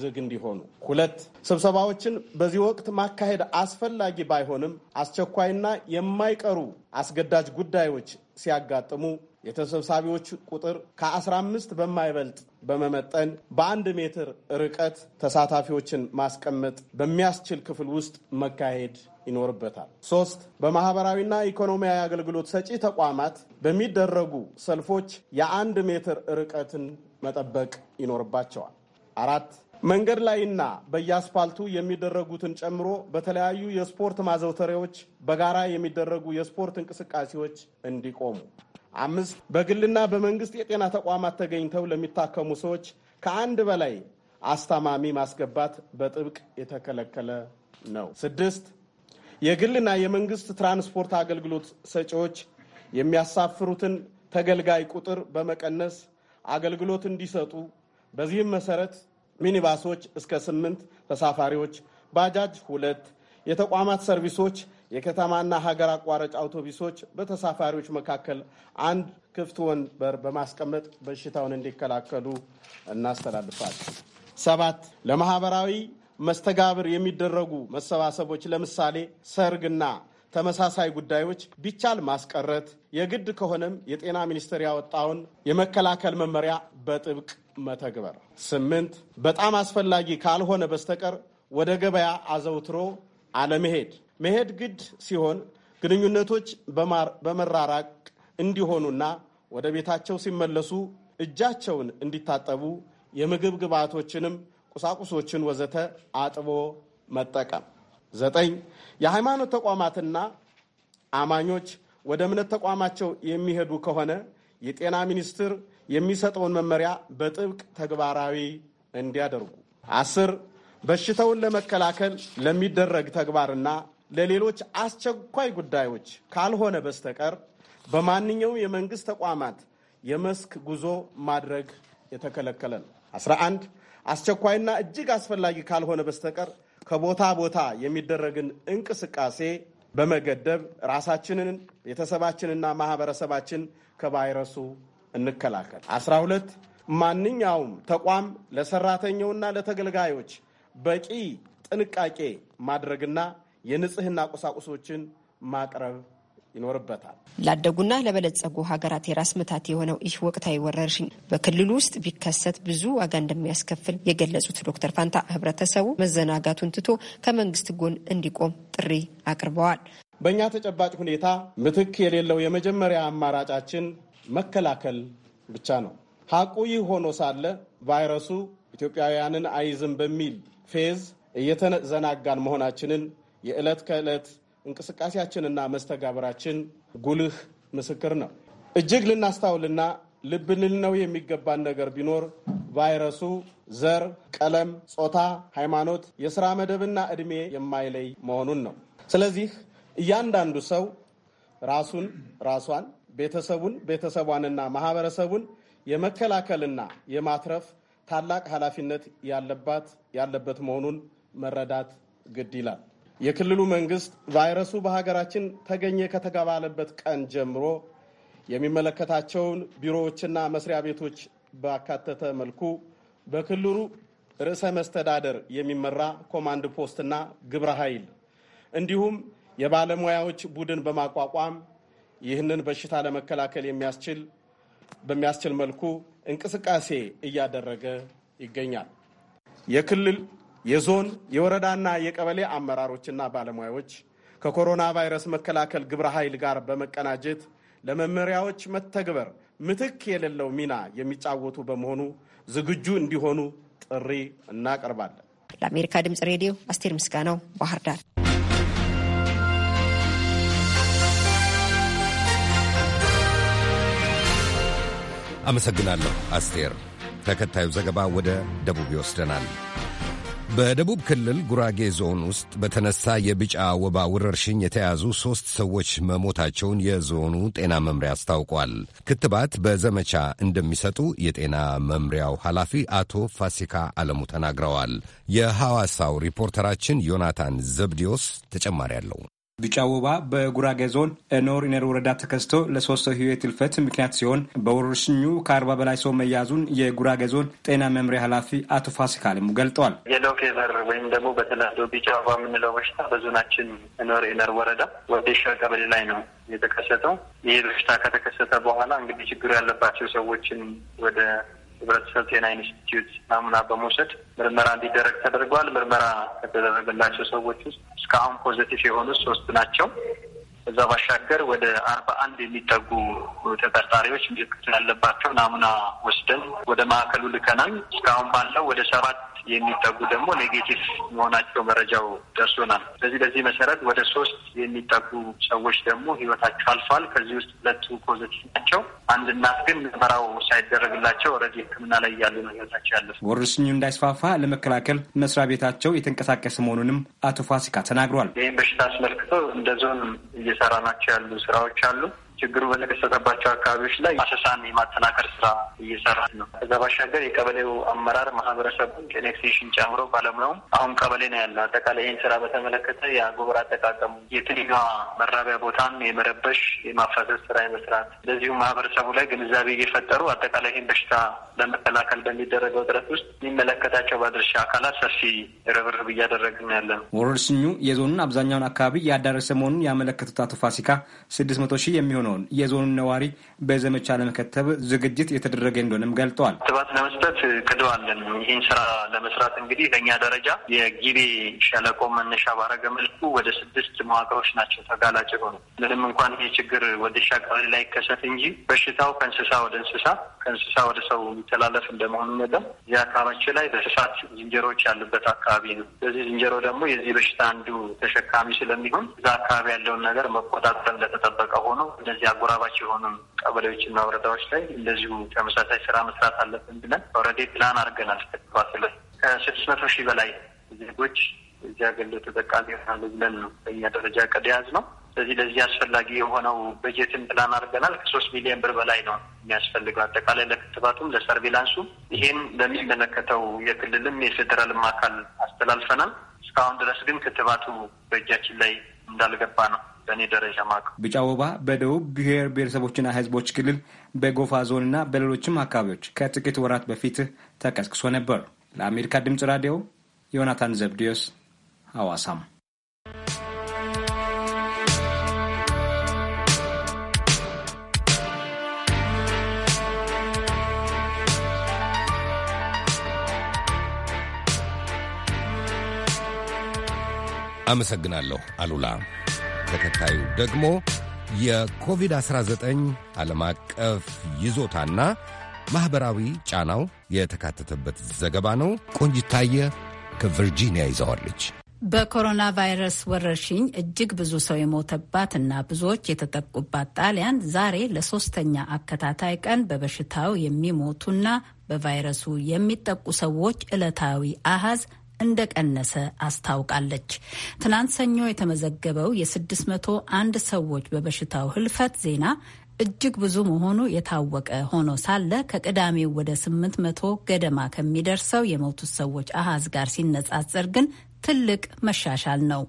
ዝግ እንዲሆኑ። ሁለት ስብሰባዎችን በዚህ ወቅት ማካሄድ አስፈላጊ ባይሆንም አስቸኳይና የማይቀሩ አስገዳጅ ጉዳዮች ሲያጋጥሙ የተሰብሳቢዎች ቁጥር ከ15 በማይበልጥ በመመጠን በአንድ ሜትር ርቀት ተሳታፊዎችን ማስቀመጥ በሚያስችል ክፍል ውስጥ መካሄድ ይኖርበታል። ሶስት በማህበራዊና ኢኮኖሚያዊ አገልግሎት ሰጪ ተቋማት በሚደረጉ ሰልፎች የአንድ ሜትር ርቀትን መጠበቅ ይኖርባቸዋል። አራት መንገድ ላይና በየአስፋልቱ የሚደረጉትን ጨምሮ በተለያዩ የስፖርት ማዘውተሪያዎች በጋራ የሚደረጉ የስፖርት እንቅስቃሴዎች እንዲቆሙ አምስት በግልና በመንግስት የጤና ተቋማት ተገኝተው ለሚታከሙ ሰዎች ከአንድ በላይ አስታማሚ ማስገባት በጥብቅ የተከለከለ ነው። ስድስት የግልና የመንግስት ትራንስፖርት አገልግሎት ሰጪዎች የሚያሳፍሩትን ተገልጋይ ቁጥር በመቀነስ አገልግሎት እንዲሰጡ በዚህም መሰረት ሚኒባሶች እስከ ስምንት ተሳፋሪዎች፣ ባጃጅ ሁለት፣ የተቋማት ሰርቪሶች የከተማና ሀገር አቋራጭ አውቶቡሶች በተሳፋሪዎች መካከል አንድ ክፍት ወንበር በማስቀመጥ በሽታውን እንዲከላከሉ እናስተላልፋለን። ሰባት ለማህበራዊ መስተጋብር የሚደረጉ መሰባሰቦች ለምሳሌ ሰርግና ተመሳሳይ ጉዳዮች ቢቻል ማስቀረት፣ የግድ ከሆነም የጤና ሚኒስቴር ያወጣውን የመከላከል መመሪያ በጥብቅ መተግበር። ስምንት በጣም አስፈላጊ ካልሆነ በስተቀር ወደ ገበያ አዘውትሮ አለመሄድ መሄድ ግድ ሲሆን ግንኙነቶች በመራራቅ እንዲሆኑና ወደ ቤታቸው ሲመለሱ እጃቸውን እንዲታጠቡ የምግብ ግብዓቶችንም ቁሳቁሶችን ወዘተ አጥቦ መጠቀም። ዘጠኝ የሃይማኖት ተቋማትና አማኞች ወደ እምነት ተቋማቸው የሚሄዱ ከሆነ የጤና ሚኒስቴር የሚሰጠውን መመሪያ በጥብቅ ተግባራዊ እንዲያደርጉ። አስር በሽታውን ለመከላከል ለሚደረግ ተግባርና ለሌሎች አስቸኳይ ጉዳዮች ካልሆነ በስተቀር በማንኛውም የመንግስት ተቋማት የመስክ ጉዞ ማድረግ የተከለከለ ነው። 11 አስቸኳይና እጅግ አስፈላጊ ካልሆነ በስተቀር ከቦታ ቦታ የሚደረግን እንቅስቃሴ በመገደብ ራሳችንን ቤተሰባችንና ማህበረሰባችን ከቫይረሱ እንከላከል። 12 ማንኛውም ተቋም ለሰራተኛውና ለተገልጋዮች በቂ ጥንቃቄ ማድረግና የንጽህና ቁሳቁሶችን ማቅረብ ይኖርበታል። ላደጉና ለበለጸጉ ሀገራት የራስ ምታት የሆነው ይህ ወቅታዊ ወረርሽኝ በክልሉ ውስጥ ቢከሰት ብዙ ዋጋ እንደሚያስከፍል የገለጹት ዶክተር ፋንታ ህብረተሰቡ መዘናጋቱን ትቶ ከመንግስት ጎን እንዲቆም ጥሪ አቅርበዋል። በእኛ ተጨባጭ ሁኔታ ምትክ የሌለው የመጀመሪያ አማራጫችን መከላከል ብቻ ነው። ሀቁ ይህ ሆኖ ሳለ ቫይረሱ ኢትዮጵያውያንን አይዝም በሚል ፌዝ እየተዘናጋን መሆናችንን የዕለት ከዕለት እንቅስቃሴያችንና መስተጋብራችን ጉልህ ምስክር ነው። እጅግ ልናስታውልና ልብ ልንለው የሚገባን ነገር ቢኖር ቫይረሱ ዘር፣ ቀለም፣ ጾታ፣ ሃይማኖት፣ የሥራ መደብና ዕድሜ የማይለይ መሆኑን ነው። ስለዚህ እያንዳንዱ ሰው ራሱን፣ ራሷን፣ ቤተሰቡን፣ ቤተሰቧንና ማህበረሰቡን የመከላከልና የማትረፍ ታላቅ ኃላፊነት ያለባት ያለበት መሆኑን መረዳት ግድ ይላል። የክልሉ መንግስት ቫይረሱ በሀገራችን ተገኘ ከተባለበት ቀን ጀምሮ የሚመለከታቸውን ቢሮዎችና መስሪያ ቤቶች ባካተተ መልኩ በክልሉ ርዕሰ መስተዳደር የሚመራ ኮማንድ ፖስትና ግብረ ኃይል እንዲሁም የባለሙያዎች ቡድን በማቋቋም ይህንን በሽታ ለመከላከል የሚያስችል በሚያስችል መልኩ እንቅስቃሴ እያደረገ ይገኛል። የክልል የዞን የወረዳና የቀበሌ አመራሮችና ባለሙያዎች ከኮሮና ቫይረስ መከላከል ግብረ ኃይል ጋር በመቀናጀት ለመመሪያዎች መተግበር ምትክ የሌለው ሚና የሚጫወቱ በመሆኑ ዝግጁ እንዲሆኑ ጥሪ እናቀርባለን። ለአሜሪካ ድምፅ ሬዲዮ አስቴር ምስጋናው ባህር ዳር። አመሰግናለሁ አስቴር። ተከታዩ ዘገባ ወደ ደቡብ ይወስደናል። በደቡብ ክልል ጉራጌ ዞን ውስጥ በተነሳ የቢጫ ወባ ወረርሽኝ የተያዙ ሦስት ሰዎች መሞታቸውን የዞኑ ጤና መምሪያ አስታውቋል። ክትባት በዘመቻ እንደሚሰጡ የጤና መምሪያው ኃላፊ አቶ ፋሲካ አለሙ ተናግረዋል። የሐዋሳው ሪፖርተራችን ዮናታን ዘብዲዮስ ተጨማሪ አለው። ቢጫ ወባ በጉራጌ ዞን ኖር ኢነር ወረዳ ተከስቶ ለሶስት ሰው ህይወት ልፈት ምክንያት ሲሆን በወረርሽኙ ከአርባ በላይ ሰው መያዙን የጉራጌ ዞን ጤና መምሪያ ኃላፊ አቶ ፋሲካ አለሙ ገልጠዋል። የሎ ፌቨር ወይም ደግሞ በተለምዶ ቢጫ ወባ የምንለው በሽታ በዞናችን ኖር ኢነር ወረዳ ወደሻ ቀበሌ ላይ ነው የተከሰተው። ይህ በሽታ ከተከሰተ በኋላ እንግዲህ ችግሩ ያለባቸው ሰዎችን ወደ ህብረተሰብ ጤና ኢንስቲትዩት ናሙና በመውሰድ ምርመራ እንዲደረግ ተደርጓል። ምርመራ ከተደረገላቸው ሰዎች ውስጥ እስካሁን ፖዘቲቭ የሆኑት ሶስት ናቸው። ከዛ ባሻገር ወደ አርባ አንድ የሚጠጉ ተጠርጣሪዎች ምልክት ያለባቸው ናሙና ወስደን ወደ ማዕከሉ ልከናል። እስካሁን ባለው ወደ ሰባት የሚጠጉ ደግሞ ኔጌቲቭ መሆናቸው መረጃው ደርሶናል። ስለዚህ በዚህ መሰረት ወደ ሶስት የሚጠጉ ሰዎች ደግሞ ህይወታቸው አልፏል። ከዚህ ውስጥ ሁለቱ ፖዘቲቭ ናቸው። አንድ እናት ግን ምርመራው ሳይደረግላቸው ኦልሬዲ ህክምና ላይ ያሉ ነው ህይወታቸው ያለፉ። ወረርሽኙ እንዳይስፋፋ ለመከላከል መስሪያ ቤታቸው የተንቀሳቀሰ መሆኑንም አቶ ፋሲካ ተናግሯል። ይህም በሽታ አስመልክቶ እንደ ዞን እየሰራ ናቸው ያሉ ስራዎች አሉ። ችግሩ በተከሰተባቸው አካባቢዎች ላይ ማሰሳን የማጠናከር ስራ እየሰራ ነው። ከዛ ባሻገር የቀበሌው አመራር ማህበረሰቡ ጤና ጨምሮ ባለሙያውም አሁን ቀበሌ ነው ያለው። አጠቃላይ ይህን ስራ በተመለከተ የአጎበር አጠቃቀሙ የትንኛ መራቢያ ቦታን የመረበሽ የማፋሰስ ስራ የመስራት እንደዚሁም ማህበረሰቡ ላይ ግንዛቤ እየፈጠሩ አጠቃላይ ይህን በሽታ ለመከላከል በሚደረገው ጥረት ውስጥ የሚመለከታቸው ባለድርሻ አካላት ሰፊ ርብርብ እያደረግን ያለ ነው። ወረርሽኙ የዞኑን አብዛኛውን አካባቢ ያዳረሰ መሆኑን ያመለከቱት አቶ ፋሲካ ስድስት መቶ ሺህ የሚሆኑ የሆነውን የዞኑን ነዋሪ በዘመቻ ለመከተብ ዝግጅት የተደረገ እንደሆነም ገልጠዋል። ክትባት ለመስጠት ክደዋለን። ይህን ስራ ለመስራት እንግዲህ በእኛ ደረጃ የጊቤ ሸለቆ መነሻ ባረገ መልኩ ወደ ስድስት መዋቅሮች ናቸው ተጋላጭ የሆኑ ምንም እንኳን ይህ ችግር ወደ ሻ ላይ ይከሰት እንጂ በሽታው ከእንስሳ ወደ እንስሳ ከእንስሳ ወደ ሰው የሚተላለፍ እንደመሆኑ መጠን እዚህ አካባቢ ላይ በስፋት ዝንጀሮች ያሉበት አካባቢ ነው። ስለዚህ ዝንጀሮ ደግሞ የዚህ በሽታ አንዱ ተሸካሚ ስለሚሆን እዛ አካባቢ ያለውን ነገር መቆጣጠር እንደተጠበቀ ሆኖ ወደ እነዚህ አጎራባች የሆኑ ቀበሌዎችና ወረዳዎች ላይ እንደዚሁ ተመሳሳይ ስራ መስራት አለብን ብለን ኦልሬዲ ፕላን አድርገናል። ክትባት ላይ ከስድስት መቶ ሺህ በላይ ዜጎች እዚህ አገልግሎ ተጠቃሚ ይሆናሉ ብለን ነው በእኛ ደረጃ ቀድ ያዝ ነው። ስለዚህ ለዚህ አስፈላጊ የሆነው በጀትን ፕላን አድርገናል። ከሶስት ሚሊዮን ብር በላይ ነው የሚያስፈልገው አጠቃላይ ለክትባቱም ለሰርቬላንሱ። ይሄን ለሚመለከተው የክልልም የፌዴራልም አካል አስተላልፈናል። እስካሁን ድረስ ግን ክትባቱ በእጃችን ላይ እንዳልገባ ነው በእኔ ደረጃ ማቅ ቢጫ ወባ በደቡብ ብሔር ብሔረሰቦችና ህዝቦች ክልል በጎፋ ዞን እና በሌሎችም አካባቢዎች ከጥቂት ወራት በፊት ተቀስቅሶ ነበር። ለአሜሪካ ድምፅ ራዲዮ ዮናታን ዘብዲዮስ ሐዋሳም አመሰግናለሁ አሉላ። ተከታዩ ደግሞ የኮቪድ-19 ዓለም አቀፍ ይዞታና ማኅበራዊ ጫናው የተካተተበት ዘገባ ነው። ቆንጅታየ ከቨርጂኒያ ይዘዋለች። በኮሮና ቫይረስ ወረርሽኝ እጅግ ብዙ ሰው የሞተባት እና ብዙዎች የተጠቁባት ጣሊያን ዛሬ ለሶስተኛ አከታታይ ቀን በበሽታው የሚሞቱና በቫይረሱ የሚጠቁ ሰዎች ዕለታዊ አሃዝ እንደቀነሰ አስታውቃለች። ትናንት ሰኞ የተመዘገበው የ601 ሰዎች በበሽታው ህልፈት ዜና እጅግ ብዙ መሆኑ የታወቀ ሆኖ ሳለ ከቅዳሜው ወደ 800 ገደማ ከሚደርሰው የሞቱት ሰዎች አሃዝ ጋር ሲነጻጸር ግን ትልቅ መሻሻል ነው።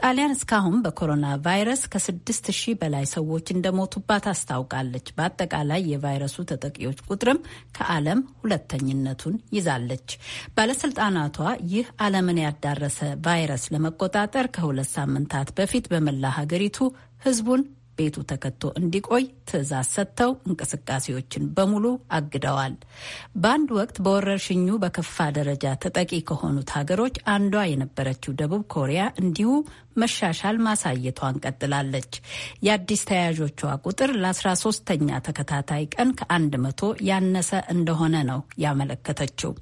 ጣሊያን እስካሁን በኮሮና ቫይረስ ከስድስት ሺህ በላይ ሰዎች እንደሞቱባት አስታውቃለች። በአጠቃላይ የቫይረሱ ተጠቂዎች ቁጥርም ከዓለም ሁለተኝነቱን ይዛለች። ባለስልጣናቷ ይህ ዓለምን ያዳረሰ ቫይረስ ለመቆጣጠር ከሁለት ሳምንታት በፊት በመላ ሀገሪቱ ህዝቡን ቤቱ ተከቶ እንዲቆይ ትዕዛዝ ሰጥተው እንቅስቃሴዎችን በሙሉ አግደዋል። በአንድ ወቅት በወረርሽኙ በከፋ ደረጃ ተጠቂ ከሆኑት ሀገሮች አንዷ የነበረችው ደቡብ ኮሪያ እንዲሁ መሻሻል ማሳየቷን ቀጥላለች። የአዲስ ተያዦቿ ቁጥር ለ13ተኛ ተከታታይ ቀን ከአንድ መቶ ያነሰ እንደሆነ ነው ያመለከተችው።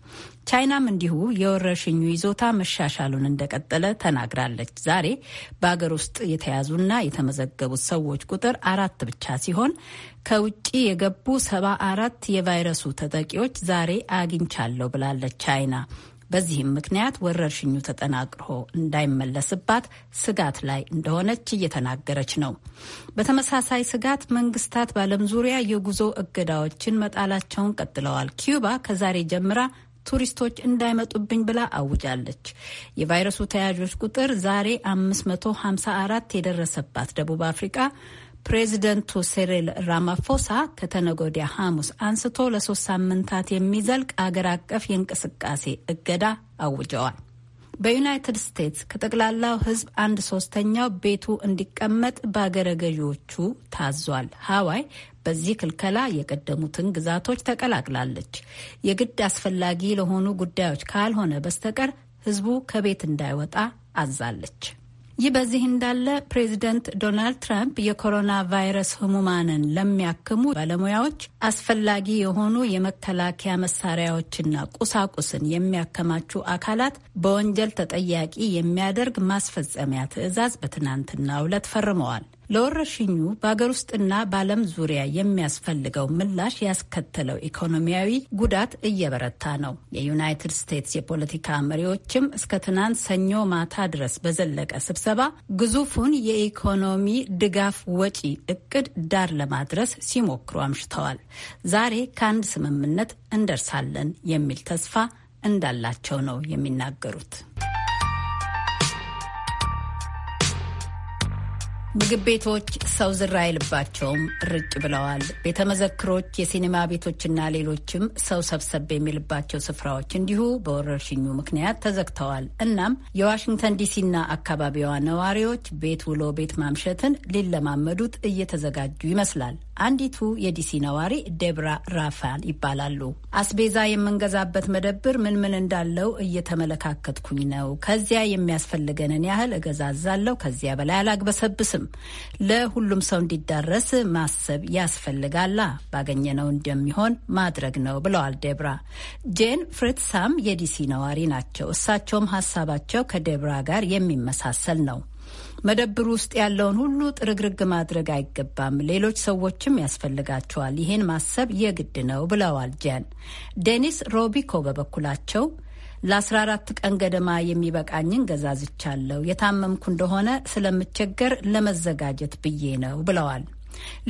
ቻይናም እንዲሁ የወረርሽኙ ይዞታ መሻሻሉን እንደቀጠለ ተናግራለች። ዛሬ በአገር ውስጥ የተያዙና የተመዘገቡት ሰዎች ቁጥር አራት ብቻ ሲሆን ከውጭ የገቡ ሰባ አራት የቫይረሱ ተጠቂዎች ዛሬ አግኝቻለሁ ብላለች ቻይና። በዚህም ምክንያት ወረርሽኙ ተጠናቅሮ እንዳይመለስባት ስጋት ላይ እንደሆነች እየተናገረች ነው። በተመሳሳይ ስጋት መንግስታት በዓለም ዙሪያ የጉዞ እገዳዎችን መጣላቸውን ቀጥለዋል። ኪዩባ ከዛሬ ጀምራ ቱሪስቶች እንዳይመጡብኝ ብላ አውጃለች። የቫይረሱ ተያዦች ቁጥር ዛሬ 554 የደረሰባት ደቡብ አፍሪቃ ፕሬዚደንቱ ሴሪል ራማፎሳ ከተነጎዲያ ሐሙስ አንስቶ ለሶስት ሳምንታት የሚዘልቅ አገር አቀፍ የእንቅስቃሴ እገዳ አውጀዋል። በዩናይትድ ስቴትስ ከጠቅላላው ሕዝብ አንድ ሶስተኛው ቤቱ እንዲቀመጥ በአገረ ገዢዎቹ ታዟል። ሀዋይ በዚህ ክልከላ የቀደሙትን ግዛቶች ተቀላቅላለች። የግድ አስፈላጊ ለሆኑ ጉዳዮች ካልሆነ በስተቀር ህዝቡ ከቤት እንዳይወጣ አዛለች። ይህ በዚህ እንዳለ ፕሬዚደንት ዶናልድ ትራምፕ የኮሮና ቫይረስ ህሙማንን ለሚያክሙ ባለሙያዎች አስፈላጊ የሆኑ የመከላከያ መሳሪያዎችና ቁሳቁስን የሚያከማቹ አካላት በወንጀል ተጠያቂ የሚያደርግ ማስፈጸሚያ ትዕዛዝ በትናንትናው ዕለት ፈርመዋል። ለወረርሽኙ በአገር ውስጥና በዓለም ዙሪያ የሚያስፈልገው ምላሽ ያስከተለው ኢኮኖሚያዊ ጉዳት እየበረታ ነው። የዩናይትድ ስቴትስ የፖለቲካ መሪዎችም እስከ ትናንት ሰኞ ማታ ድረስ በዘለቀ ስብሰባ ግዙፉን የኢኮኖሚ ድጋፍ ወጪ እቅድ ዳር ለማድረስ ሲሞክሩ አምሽተዋል። ዛሬ ከአንድ ስምምነት እንደርሳለን የሚል ተስፋ እንዳላቸው ነው የሚናገሩት። ምግብ ቤቶች ሰው ዝር አይልባቸውም ርጭ ብለዋል። ቤተ መዘክሮች፣ የሲኒማ ቤቶችና ሌሎችም ሰው ሰብሰብ የሚልባቸው ስፍራዎች እንዲሁ በወረርሽኙ ምክንያት ተዘግተዋል። እናም የዋሽንግተን ዲሲና አካባቢዋ ነዋሪዎች ቤት ውሎ ቤት ማምሸትን ሊለማመዱት እየተዘጋጁ ይመስላል። አንዲቱ የዲሲ ነዋሪ ደብራ ራፋል ይባላሉ። አስቤዛ የምንገዛበት መደብር ምን ምን እንዳለው እየተመለካከትኩኝ ነው። ከዚያ የሚያስፈልገንን ያህል እገዛዛለሁ። ከዚያ በላይ አላግበሰብስም። ለሁሉም ሰው እንዲዳረስ ማሰብ ያስፈልጋላ። ባገኘነው እንደሚሆን ማድረግ ነው ብለዋል ደብራ። ጄን ፍሬትሳም የዲሲ ነዋሪ ናቸው። እሳቸውም ሀሳባቸው ከደብራ ጋር የሚመሳሰል ነው። መደብር ውስጥ ያለውን ሁሉ ጥርግርግ ማድረግ አይገባም። ሌሎች ሰዎችም ያስፈልጋቸዋል። ይህን ማሰብ የግድ ነው ብለዋል ጀን። ዴኒስ ሮቢኮ በበኩላቸው ለ14 ቀን ገደማ የሚበቃኝን ገዛዝቻለሁ። የታመምኩ እንደሆነ ስለምቸገር ለመዘጋጀት ብዬ ነው ብለዋል።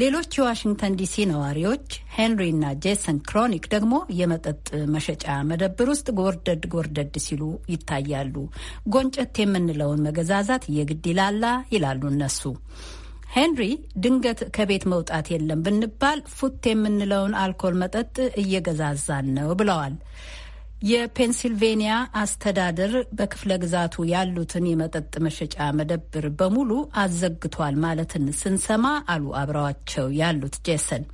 ሌሎች የዋሽንግተን ዲሲ ነዋሪዎች ሄንሪ ና ጄሰን ክሮኒክ ደግሞ የመጠጥ መሸጫ መደብር ውስጥ ጎርደድ ጎርደድ ሲሉ ይታያሉ። ጎንጨት የምንለውን መገዛዛት የግድ ይላላ ይላሉ እነሱ። ሄንሪ ድንገት ከቤት መውጣት የለም ብንባል ፉት የምንለውን አልኮል መጠጥ እየገዛዛን ነው ብለዋል። የፔንሲልቬኒያ አስተዳደር በክፍለ ግዛቱ ያሉትን የመጠጥ መሸጫ መደብር በሙሉ አዘግቷል ማለትን ስንሰማ አሉ አብረዋቸው ያሉት ጄሰን፣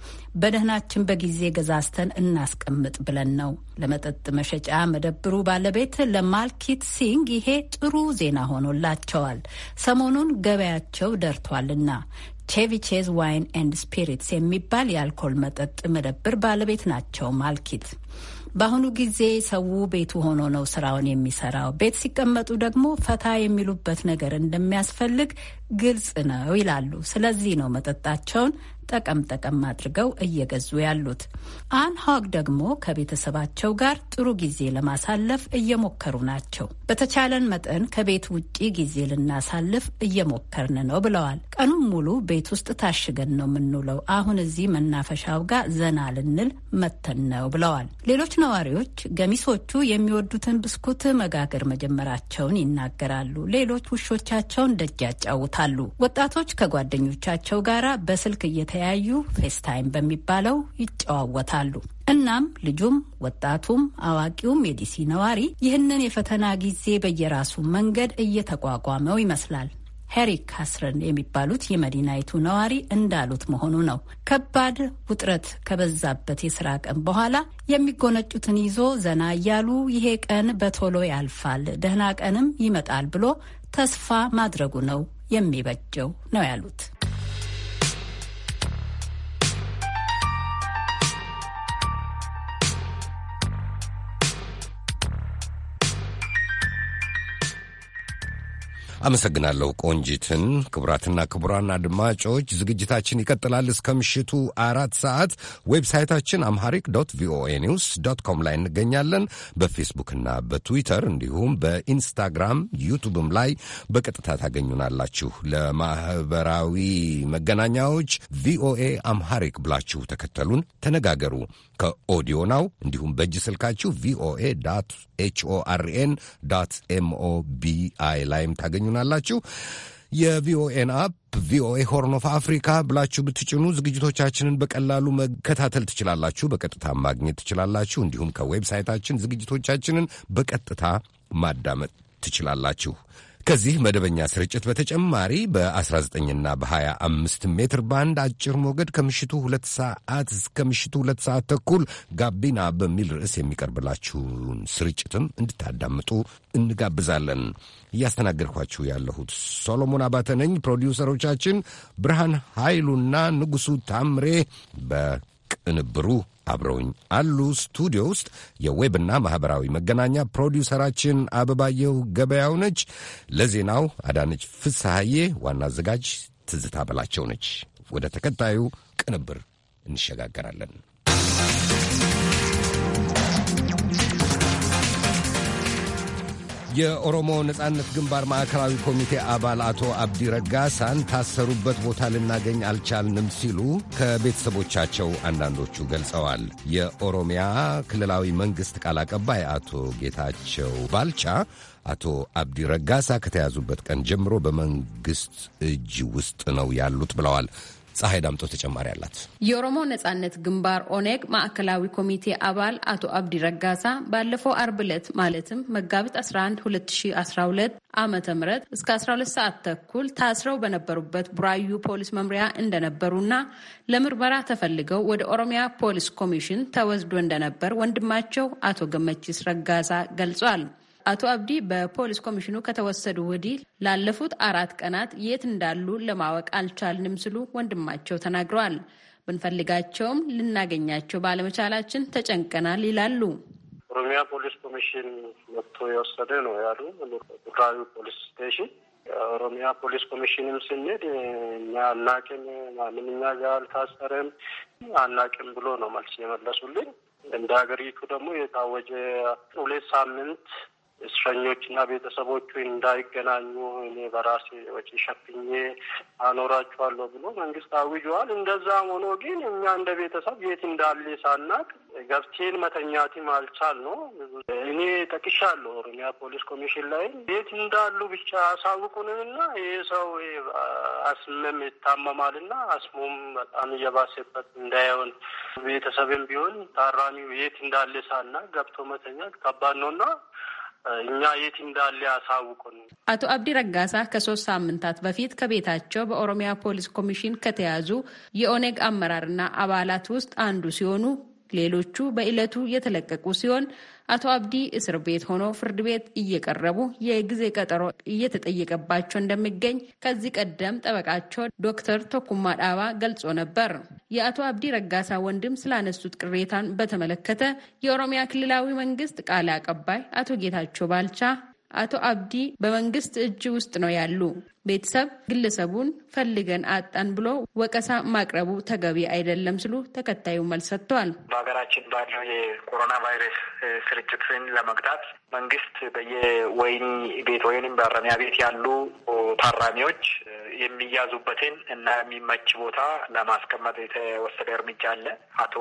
በደህናችን በጊዜ ገዛዝተን እናስቀምጥ ብለን ነው። ለመጠጥ መሸጫ መደብሩ ባለቤት ለማልኪት ሲንግ ይሄ ጥሩ ዜና ሆኖላቸዋል። ሰሞኑን ገበያቸው ደርቷልና ቼቪቼዝ ዋይን ኤንድ ስፒሪትስ የሚባል የአልኮል መጠጥ መደብር ባለቤት ናቸው ማልኪት በአሁኑ ጊዜ ሰው ቤቱ ሆኖ ነው ስራውን የሚሰራው። ቤት ሲቀመጡ ደግሞ ፈታ የሚሉበት ነገር እንደሚያስፈልግ ግልጽ ነው ይላሉ። ስለዚህ ነው መጠጣቸውን ጠቀም ጠቀም አድርገው እየገዙ ያሉት። አን ሆግ ደግሞ ከቤተሰባቸው ጋር ጥሩ ጊዜ ለማሳለፍ እየሞከሩ ናቸው። በተቻለን መጠን ከቤት ውጪ ጊዜ ልናሳልፍ እየሞከርን ነው ብለዋል። ቀኑን ሙሉ ቤት ውስጥ ታሽገን ነው የምንውለው። አሁን እዚህ መናፈሻው ጋር ዘና ልንል መተን ነው ብለዋል። ሌሎች ነዋሪዎች ገሚሶቹ የሚወዱትን ብስኩት መጋገር መጀመራቸውን ይናገራሉ። ሌሎች ውሾቻቸውን ደጅ ያጫውታሉ። ወጣቶች ከጓደኞቻቸው ጋር በስልክ እየተ እየተያዩ ፌስታይም በሚባለው ይጨዋወታሉ። እናም ልጁም ወጣቱም አዋቂውም የዲሲ ነዋሪ ይህንን የፈተና ጊዜ በየራሱ መንገድ እየተቋቋመው ይመስላል። ሄሪ ካስረን የሚባሉት የመዲናይቱ ነዋሪ እንዳሉት መሆኑ ነው። ከባድ ውጥረት ከበዛበት የስራ ቀን በኋላ የሚጎነጩትን ይዞ ዘና እያሉ ይሄ ቀን በቶሎ ያልፋል፣ ደህና ቀንም ይመጣል ብሎ ተስፋ ማድረጉ ነው የሚበጀው ነው ያሉት። አመሰግናለሁ ቆንጂትን። ክቡራትና ክቡራን አድማጮች ዝግጅታችን ይቀጥላል እስከ ምሽቱ አራት ሰዓት። ዌብሳይታችን አምሃሪክ ዶት ቪኦኤ ኒውስ ዶት ኮም ላይ እንገኛለን። በፌስቡክና በትዊተር እንዲሁም በኢንስታግራም ዩቱብም ላይ በቀጥታ ታገኙናላችሁ። ለማህበራዊ መገናኛዎች ቪኦኤ አምሃሪክ ብላችሁ ተከተሉን፣ ተነጋገሩ። ከኦዲዮ ናው እንዲሁም በእጅ ስልካችሁ ቪኦኤ ዳት ኤችኦአርኤን ዳት ላይም ታገኙናላችሁ። የቪኦኤን አፕ ቪኦኤ ሆርን ኦፍ አፍሪካ ብላችሁ ብትጭኑ ዝግጅቶቻችንን በቀላሉ መከታተል ትችላላችሁ፣ በቀጥታ ማግኘት ትችላላችሁ። እንዲሁም ከዌብሳይታችን ዝግጅቶቻችንን በቀጥታ ማዳመጥ ትችላላችሁ። ከዚህ መደበኛ ስርጭት በተጨማሪ በ19ና በ25 ሜትር ባንድ አጭር ሞገድ ከምሽቱ ሁለት ሰዓት እስከ ምሽቱ ሁለት ሰዓት ተኩል ጋቢና በሚል ርዕስ የሚቀርብላችሁን ስርጭትም እንድታዳምጡ እንጋብዛለን። እያስተናገድኳችሁ ያለሁት ሶሎሞን አባተ ነኝ። ፕሮዲውሰሮቻችን ብርሃን ኃይሉና ንጉሡ ታምሬ በ ቅንብሩ አብረውኝ አሉ። ስቱዲዮ ውስጥ የዌብና ማኅበራዊ መገናኛ ፕሮዲውሰራችን አበባየሁ ገበያው ነች። ለዜናው አዳነች ፍስሐዬ፣ ዋና አዘጋጅ ትዝታ በላቸው ነች። ወደ ተከታዩ ቅንብር እንሸጋገራለን። የኦሮሞ ነጻነት ግንባር ማዕከላዊ ኮሚቴ አባል አቶ አብዲ ረጋሳን ታሰሩበት ቦታ ልናገኝ አልቻልንም ሲሉ ከቤተሰቦቻቸው አንዳንዶቹ ገልጸዋል። የኦሮሚያ ክልላዊ መንግሥት ቃል አቀባይ አቶ ጌታቸው ባልቻ አቶ አብዲ ረጋሳ ከተያዙበት ቀን ጀምሮ በመንግሥት እጅ ውስጥ ነው ያሉት ብለዋል። ፀሐይ ዳምጦ ተጨማሪ አላት። የኦሮሞ ነጻነት ግንባር ኦኔግ ማዕከላዊ ኮሚቴ አባል አቶ አብዲ ረጋሳ ባለፈው አርብ ዕለት ማለትም መጋቢት 11 2012 ዓመተ ምህረት እስከ 12 ሰዓት ተኩል ታስረው በነበሩበት ቡራዩ ፖሊስ መምሪያ እንደነበሩና ለምርመራ ተፈልገው ወደ ኦሮሚያ ፖሊስ ኮሚሽን ተወስዶ እንደነበር ወንድማቸው አቶ ገመችስ ረጋሳ ገልጿል። አቶ አብዲ በፖሊስ ኮሚሽኑ ከተወሰዱ ወዲህ ላለፉት አራት ቀናት የት እንዳሉ ለማወቅ አልቻልንም ሲሉ ወንድማቸው ተናግረዋል። ብንፈልጋቸውም ልናገኛቸው ባለመቻላችን ተጨንቀናል ይላሉ። ኦሮሚያ ፖሊስ ኮሚሽን መጥቶ የወሰደ ነው ያሉ ጉራዊ ፖሊስ ስቴሽን ኦሮሚያ ፖሊስ ኮሚሽንም ስንሄድ እኛ አናቅም፣ ማንም እኛ ጋር አልታሰረም፣ አናቅም ብሎ ነው መልስ የመለሱልኝ። እንደ ሀገሪቱ ደግሞ የታወጀ ሁለት ሳምንት እስረኞች እና ቤተሰቦቹ እንዳይገናኙ እኔ በራሴ ወጪ ሸፍኜ አኖራችኋለሁ ብሎ መንግስት አውጇል። እንደዛም ሆኖ ግን እኛ እንደ ቤተሰብ የት እንዳለ ሳናቅ ገብቴን መተኛትም አልቻል ነው። እኔ ጠቅሻለሁ ኦሮሚያ ፖሊስ ኮሚሽን ላይ የት እንዳሉ ብቻ አሳውቁንንና ይህ ሰው አስምም ይታመማልና አስሙም በጣም እየባሰበት እንዳይሆን ቤተሰብም ቢሆን ታራሚው የት እንዳለ ሳናቅ ገብቶ መተኛት ከባድ ነውና እኛ የት እንዳለ ያሳውቁን። አቶ አብዲ ረጋሳ ከሶስት ሳምንታት በፊት ከቤታቸው በኦሮሚያ ፖሊስ ኮሚሽን ከተያዙ የኦኔግ አመራርና አባላት ውስጥ አንዱ ሲሆኑ ሌሎቹ በዕለቱ የተለቀቁ ሲሆን አቶ አብዲ እስር ቤት ሆኖ ፍርድ ቤት እየቀረቡ የጊዜ ቀጠሮ እየተጠየቀባቸው እንደሚገኝ ከዚህ ቀደም ጠበቃቸው ዶክተር ቶኩማ ዳባ ገልጾ ነበር። የአቶ አብዲ ረጋሳ ወንድም ስላነሱት ቅሬታን በተመለከተ የኦሮሚያ ክልላዊ መንግስት ቃል አቀባይ አቶ ጌታቸው ባልቻ አቶ አብዲ በመንግስት እጅ ውስጥ ነው ያሉ ቤተሰብ ግለሰቡን ፈልገን አጣን ብሎ ወቀሳ ማቅረቡ ተገቢ አይደለም ሲሉ ተከታዩ መልስ ሰጥተዋል። በሀገራችን ባለው የኮሮና ቫይረስ ስርጭትን ለመግታት መንግስት በየወይኒ ቤት ወይም በረሚያ ቤት ያሉ ታራሚዎች የሚያዙበትን እና የሚመች ቦታ ለማስቀመጥ የተወሰደ እርምጃ አለ። አቶ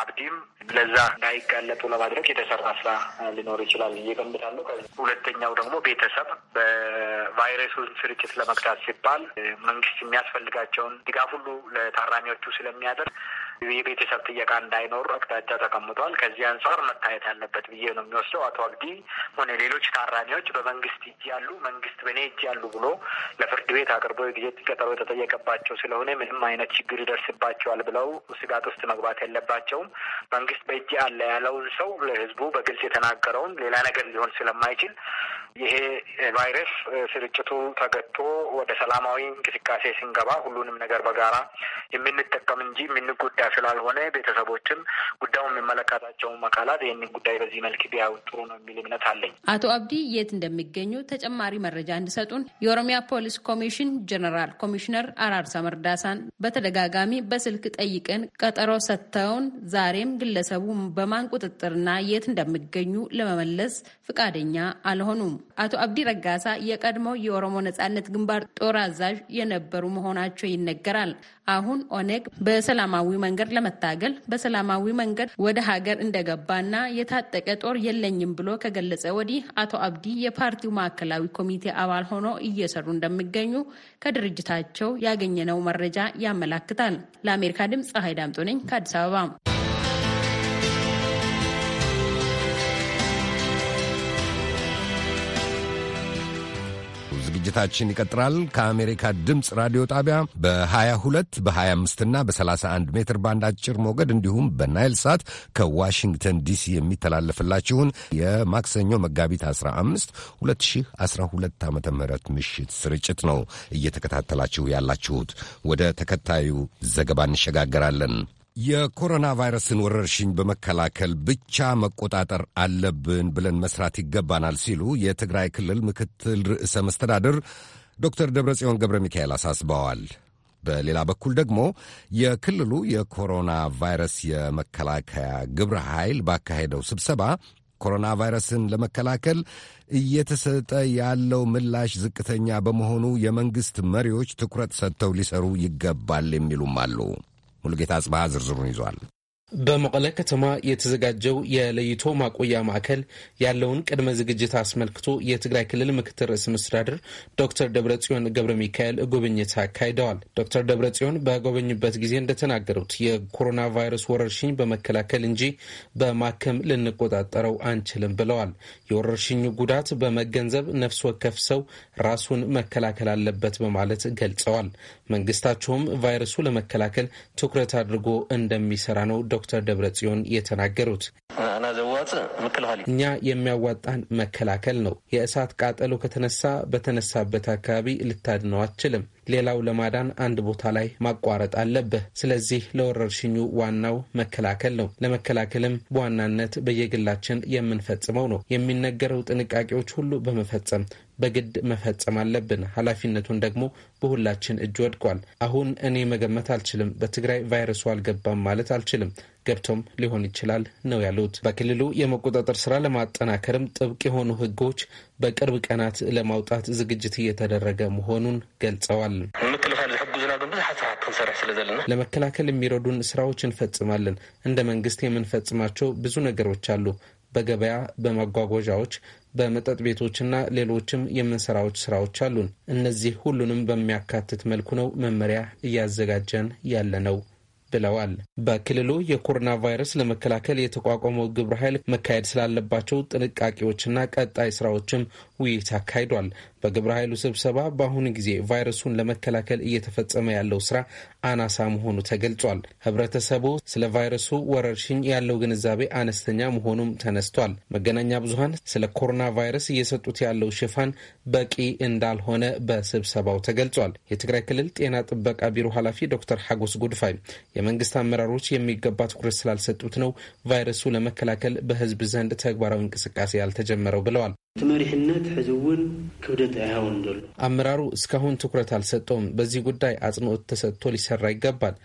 አብዲም ለዛ እንዳይጋለጡ ለማድረግ የተሰራ ስራ ሊኖር ይችላል እየገምታለሁ። ሁለተኛ ሁለተኛው ደግሞ ቤተሰብ በቫይረሱን ስርጭት ለመግታት ሲባል መንግስት የሚያስፈልጋቸውን ድጋፍ ሁሉ ለታራሚዎቹ ስለሚያደርግ የቤተሰብ ጥየቃ እንዳይኖር አቅጣጫ ተቀምጧል። ከዚህ አንጻር መታየት ያለበት ብዬ ነው የሚወስደው። አቶ አብዲ ሆነ ሌሎች ታራሚዎች በመንግስት እጅ ያሉ መንግስት በእኔ እጅ ያሉ ብሎ ለፍርድ ቤት አቅርቦ የጊዜ ቀጠሮ የተጠየቀባቸው ስለሆነ ምንም አይነት ችግር ይደርስባቸዋል ብለው ስጋት ውስጥ መግባት የለባቸውም። መንግስት በእጅ አለ ያለውን ሰው ለህዝቡ በግልጽ የተናገረውን ሌላ ነገር ሊሆን ስለማይችል ይሄ ቫይረስ ስርጭቱ ተገቶ ወደ ሰላማዊ እንቅስቃሴ ስንገባ ሁሉንም ነገር በጋራ የምንጠቀም እንጂ የምንጎዳ ስላልሆነ ቤተሰቦችም ጉዳዩን የሚመለከታቸውም አካላት ይህን ጉዳይ በዚህ መልክ ቢያዩ ጥሩ ነው የሚል እምነት አለኝ። አቶ አብዲ የት እንደሚገኙ ተጨማሪ መረጃ እንዲሰጡን የኦሮሚያ ፖሊስ ኮሚሽን ጀነራል ኮሚሽነር አራርሳ መርዳሳን በተደጋጋሚ በስልክ ጠይቀን ቀጠሮ ሰጥተውን ዛሬም ግለሰቡ በማን ቁጥጥርና የት እንደሚገኙ ለመመለስ ፈቃደኛ አልሆኑም። አቶ አብዲ ረጋሳ የቀድሞው የኦሮሞ ነጻነት ግንባር ጦር አዛዥ የነበሩ መሆናቸው ይነገራል። አሁን ኦነግ በሰላማዊ መንገድ ለመታገል በሰላማዊ መንገድ ወደ ሀገር እንደገባና የታጠቀ ጦር የለኝም ብሎ ከገለጸ ወዲህ አቶ አብዲ የፓርቲው ማዕከላዊ ኮሚቴ አባል ሆኖ እየሰሩ እንደሚገኙ ከድርጅታቸው ያገኘነው መረጃ ያመላክታል። ለአሜሪካ ድምፅ ፀሐይ ዳምጦ ነኝ ከአዲስ አበባ። ዝግጅታችን ይቀጥላል። ከአሜሪካ ድምፅ ራዲዮ ጣቢያ በ22 በ25 እና በ31 ሜትር ባንድ አጭር ሞገድ እንዲሁም በናይል ሳት ከዋሽንግተን ዲሲ የሚተላለፍላችሁን የማክሰኞ መጋቢት 15 2012 ዓ ም ምሽት ስርጭት ነው እየተከታተላችሁ ያላችሁት። ወደ ተከታዩ ዘገባ እንሸጋገራለን። የኮሮና ቫይረስን ወረርሽኝ በመከላከል ብቻ መቆጣጠር አለብን ብለን መስራት ይገባናል ሲሉ የትግራይ ክልል ምክትል ርዕሰ መስተዳድር ዶክተር ደብረጽዮን ገብረ ሚካኤል አሳስበዋል። በሌላ በኩል ደግሞ የክልሉ የኮሮና ቫይረስ የመከላከያ ግብረ ኃይል ባካሄደው ስብሰባ ኮሮና ቫይረስን ለመከላከል እየተሰጠ ያለው ምላሽ ዝቅተኛ በመሆኑ የመንግሥት መሪዎች ትኩረት ሰጥተው ሊሰሩ ይገባል የሚሉም አሉ። ሙሉጌታ ጽባሃ ዝርዝሩን ይዟል። በመቀለ ከተማ የተዘጋጀው የለይቶ ማቆያ ማዕከል ያለውን ቅድመ ዝግጅት አስመልክቶ የትግራይ ክልል ምክትል ርዕሰ መስተዳድር ዶክተር ደብረጽዮን ገብረ ሚካኤል ጉብኝት አካሂደዋል። ዶክተር ደብረጽዮን በጎበኙበት ጊዜ እንደተናገሩት የኮሮና ቫይረስ ወረርሽኝ በመከላከል እንጂ በማከም ልንቆጣጠረው አንችልም ብለዋል። የወረርሽኙ ጉዳት በመገንዘብ ነፍስ ወከፍ ሰው ራሱን መከላከል አለበት በማለት ገልጸዋል። መንግስታቸውም ቫይረሱ ለመከላከል ትኩረት አድርጎ እንደሚሰራ ነው ዶክተር ደብረጽዮን የተናገሩት። እኛ የሚያዋጣን መከላከል ነው። የእሳት ቃጠሎ ከተነሳ በተነሳበት አካባቢ ልታድነው አትችልም። ሌላው ለማዳን አንድ ቦታ ላይ ማቋረጥ አለብህ። ስለዚህ ለወረርሽኙ ዋናው መከላከል ነው። ለመከላከልም በዋናነት በየግላችን የምንፈጽመው ነው። የሚነገረው ጥንቃቄዎች ሁሉ በመፈጸም በግድ መፈጸም አለብን። ኃላፊነቱን ደግሞ በሁላችን እጅ ወድቋል። አሁን እኔ መገመት አልችልም። በትግራይ ቫይረሱ አልገባም ማለት አልችልም። ገብቶም ሊሆን ይችላል ነው ያሉት። በክልሉ የመቆጣጠር ስራ ለማጠናከርም ጥብቅ የሆኑ ህጎች በቅርብ ቀናት ለማውጣት ዝግጅት እየተደረገ መሆኑን ገልጸዋል። ንምክልኻል ዝሕግዙና ግን ብዙሓት ስራሕቲ ክንሰርሕ ስለ ዘለና ለመከላከል የሚረዱን ስራዎች እንፈጽማለን። እንደ መንግስት የምንፈጽማቸው ብዙ ነገሮች አሉ። በገበያ፣ በማጓጓዣዎች፣ በመጠጥ ቤቶችና ሌሎችም የምንሰራዎች ስራዎች አሉን። እነዚህ ሁሉንም በሚያካትት መልኩ ነው መመሪያ እያዘጋጀን ያለ ነው ብለዋል። በክልሉ የኮሮና ቫይረስ ለመከላከል የተቋቋመው ግብረ ኃይል መካሄድ ስላለባቸው ጥንቃቄዎችና ቀጣይ ስራዎችም ውይይት አካሂዷል። በግብረ ኃይሉ ስብሰባ በአሁኑ ጊዜ ቫይረሱን ለመከላከል እየተፈጸመ ያለው ስራ አናሳ መሆኑ ተገልጿል። ህብረተሰቡ ስለ ቫይረሱ ወረርሽኝ ያለው ግንዛቤ አነስተኛ መሆኑም ተነስቷል። መገናኛ ብዙሀን ስለ ኮሮና ቫይረስ እየሰጡት ያለው ሽፋን በቂ እንዳልሆነ በስብሰባው ተገልጿል። የትግራይ ክልል ጤና ጥበቃ ቢሮ ኃላፊ ዶክተር ሐጎስ ጉድፋይ የመንግስት አመራሮች የሚገባ ትኩረት ስላልሰጡት ነው ቫይረሱ ለመከላከል በህዝብ ዘንድ ተግባራዊ እንቅስቃሴ ያልተጀመረው ብለዋል። እቲ መሪሕነት ሕዚ እውን ክብደ በእርግጥ አይሆን አመራሩ እስካሁን ትኩረት አልሰጠውም። በዚህ ጉዳይ አጽንኦት ተሰጥቶ ሊሰራ ይገባል።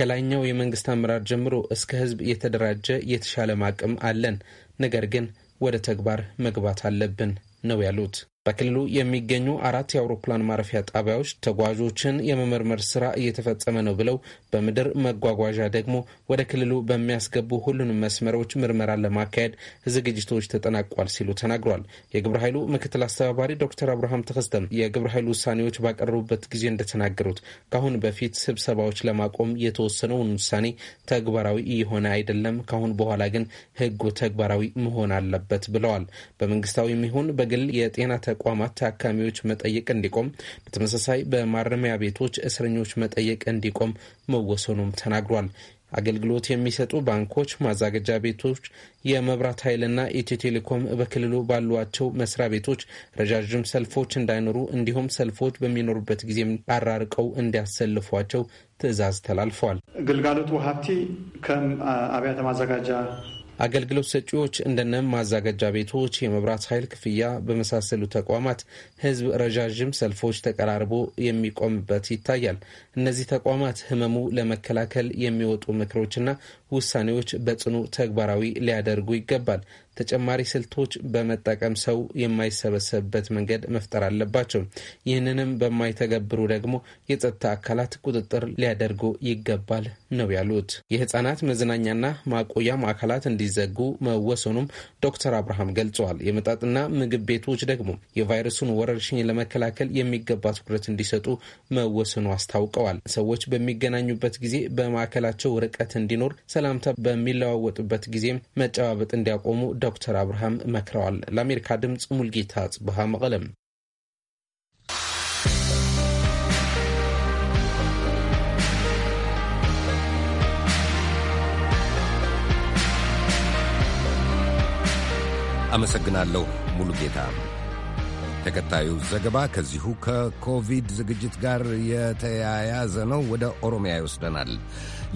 ከላይኛው የመንግስት አመራር ጀምሮ እስከ ህዝብ የተደራጀ የተሻለ ማቅም አለን፣ ነገር ግን ወደ ተግባር መግባት አለብን ነው ያሉት። በክልሉ የሚገኙ አራት የአውሮፕላን ማረፊያ ጣቢያዎች ተጓዦችን የመመርመር ስራ እየተፈጸመ ነው ብለው በምድር መጓጓዣ ደግሞ ወደ ክልሉ በሚያስገቡ ሁሉንም መስመሮች ምርመራን ለማካሄድ ዝግጅቶች ተጠናቋል ሲሉ ተናግሯል። የግብረ ኃይሉ ምክትል አስተባባሪ ዶክተር አብርሃም ተከስተም የግብረ ኃይሉ ውሳኔዎች ባቀረቡበት ጊዜ እንደተናገሩት ከአሁን በፊት ስብሰባዎች ለማቆም የተወሰነውን ውሳኔ ተግባራዊ እየሆነ አይደለም፣ ከአሁን በኋላ ግን ህጉ ተግባራዊ መሆን አለበት ብለዋል። በመንግስታዊ የሚሆን በግል የጤና ተቋማት ታካሚዎች መጠየቅ እንዲቆም፣ በተመሳሳይ በማረሚያ ቤቶች እስረኞች መጠየቅ እንዲቆም መወሰኑም ተናግሯል። አገልግሎት የሚሰጡ ባንኮች፣ ማዛገጃ ቤቶች፣ የመብራት ኃይልና ኢትዮ ቴሌኮም በክልሉ ባሏቸው መስሪያ ቤቶች ረዣዥም ሰልፎች እንዳይኖሩ እንዲሁም ሰልፎች በሚኖሩበት ጊዜም አራርቀው እንዲያሰልፏቸው ትዕዛዝ ተላልፏል። ግልጋሎቱ ሀብቲ ከም አብያተ ማዘጋጃ አገልግሎት ሰጪዎች እንደነ ማዘጋጃ ቤቶች፣ የመብራት ኃይል ክፍያ በመሳሰሉ ተቋማት ህዝብ ረዣዥም ሰልፎች ተቀራርቦ የሚቆምበት ይታያል። እነዚህ ተቋማት ህመሙ ለመከላከል የሚወጡ ምክሮችና ውሳኔዎች በጽኑ ተግባራዊ ሊያደርጉ ይገባል። ተጨማሪ ስልቶች በመጠቀም ሰው የማይሰበሰብበት መንገድ መፍጠር አለባቸው። ይህንንም በማይተገብሩ ደግሞ የጸጥታ አካላት ቁጥጥር ሊያደርጉ ይገባል ነው ያሉት። የህጻናት መዝናኛና ማቆያ ማዕከላት እንዲዘጉ መወሰኑም ዶክተር አብርሃም ገልጸዋል። የመጠጥና ምግብ ቤቶች ደግሞ የቫይረሱን ወረርሽኝ ለመከላከል የሚገባ ትኩረት እንዲሰጡ መወሰኑ አስታውቀዋል። ሰዎች በሚገናኙበት ጊዜ በማዕከላቸው ርቀት እንዲኖር፣ ሰላምታ በሚለዋወጡበት ጊዜም መጨባበጥ እንዲያቆሙ ዶክተር አብርሃም መክረዋል። ለአሜሪካ ድምፅ ሙልጌታ ጽቡሃ መቐለም አመሰግናለሁ ሙሉ ጌታ። ተከታዩ ዘገባ ከዚሁ ከኮቪድ ዝግጅት ጋር የተያያዘ ነው። ወደ ኦሮሚያ ይወስደናል።